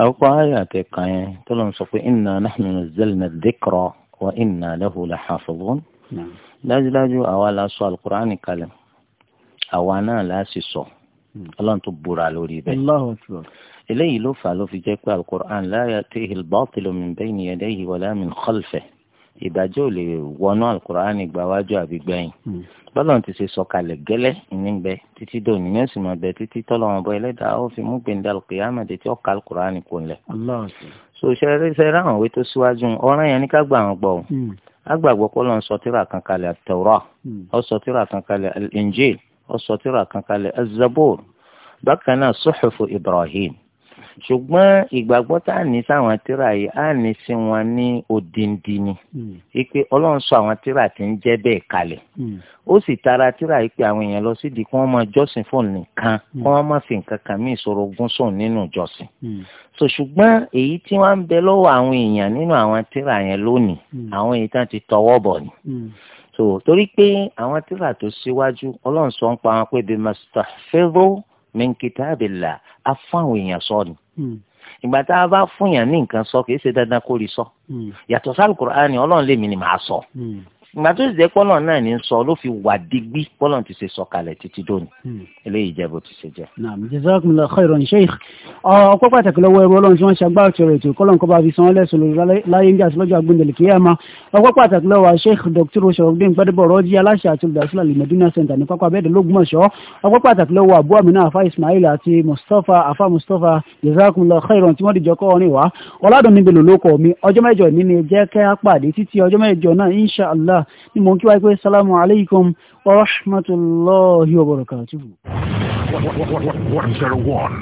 àkókò àyà tẹ kàn yẹn tó lọ sọ pé inna nahnu nazzalna dhikra wa inna lahu lahafizun dájúdájú àwa la sọ alukur'ani kalẹ̀ àwa náà la sì sọ hmm. ọlọ́run tó búra lórí bẹ́ẹ̀ eléyìí ló fà ló fi jẹ́ pé alukur'an la ya'tihi al-batilu min bayni yadayhi wala min khalfihi ìbàjẹ́ ò lè wọnú alukur'an ìgbà wájú àbí gbẹ̀yìn hmm. bọ́lọ̀n ti ṣe sọ̀kalẹ̀ gẹ́lẹ́ níbẹ̀ títí dòní yóò sì máa bẹ títí tọ́lọ́wọ́n bọ ẹlẹ́dàá ó fi mú gbẹ̀ndà al-qiyamah tí ó ka alukur'an kò lẹ̀. so ṣẹlẹ́sẹ̀ ráhùn òwe tó síwájú ọ̀ràn yẹn ní ká gbà wọn gbọ́ o hmm. agbàgbọ́ kọ́ ló ń sọ tírà kan kalẹ̀ at-Tawrah hmm. ó sọ tírà kan bákan náà suhufu Ibrahim ṣùgbọ́n ìgbàgbọ́ tá a ní sáwọn tíra yìí a ní sí wọn ní odindi ni wípé hmm. ọlọ́run sọ àwọn tíra tí ń jẹ́ bẹ́ẹ̀ kalẹ̀ hmm. ó sì tara tíra yìí pé àwọn èèyàn lọ sídìí kí wọ́n máa jọ́sìn fún nìkan kí hmm. wọ́n máa fi nǹkan kan mí ìṣòro ogún nínú ìjọsìn so ṣùgbọ́n èyí tí wọ́n ń bẹ lọ́wọ́ àwọn èèyàn nínú àwọn tíra yẹn lónìí àwọn èyí tán ti tọwọ́ bọ̀ ni so torí pé àwọn tíra tó síwájú ọlọ́run sọ ń pa wọn pé bí mr min kitabillah a fún àwọn èèyàn sọ ni hmm. ìgbà tá a bá fún yàn ní nǹkan sọ kì í ṣe dandan kó rí sọ hmm. yàtọ̀ sí Al-Qur'ani ọlọ́run lèmi ni màá sọ hmm ìgbà tó jẹ́ pọ́nà náà ní sọ ló fi wà digbí pọ́nà ti ṣe sọ̀kalẹ̀ títí dòní hmm. eléyìí jẹ́ bó ti ṣe jẹ́. naam jazakumullahu khairan sheikh ọ̀pọ̀ pàtàkì lọ́wọ́ ẹrú ọlọ́run tí wọ́n ṣe agbára tẹ̀rẹ̀ ètò ìkọlọ́n kọ́ba fi sanwó lẹ́sùn lórí láyé ní àtìlọ́jọ́ agbóhùndẹ̀lẹ̀ kíyàmá ọ̀pọ̀ pàtàkì lọ́wọ́ sheikh dr oṣorodin gbadebo rọ́jí aláṣẹ àti olùdásílẹ̀ lè medina center ní pápá abẹ́ẹ̀dẹ̀ lógúnmọ̀ṣọ́ ọ̀pọ̀ pàtàkì lọ́wọ́ abu amina afa ismail àti mustapha afa mustapha jazakumullahu khairan tí wọ́n dìjọ́ kọ́ ọ́nìwá ọ̀làdùn níbi mi ọjọ́ mẹ́jọ ni jẹ́ kẹ́ pàdé títí ọjọ́ mẹ́jọ ta'ala ni mo ń kí wáyé pé salamu alaykum wa rahmatulahi wa barakatuhu. one zero one.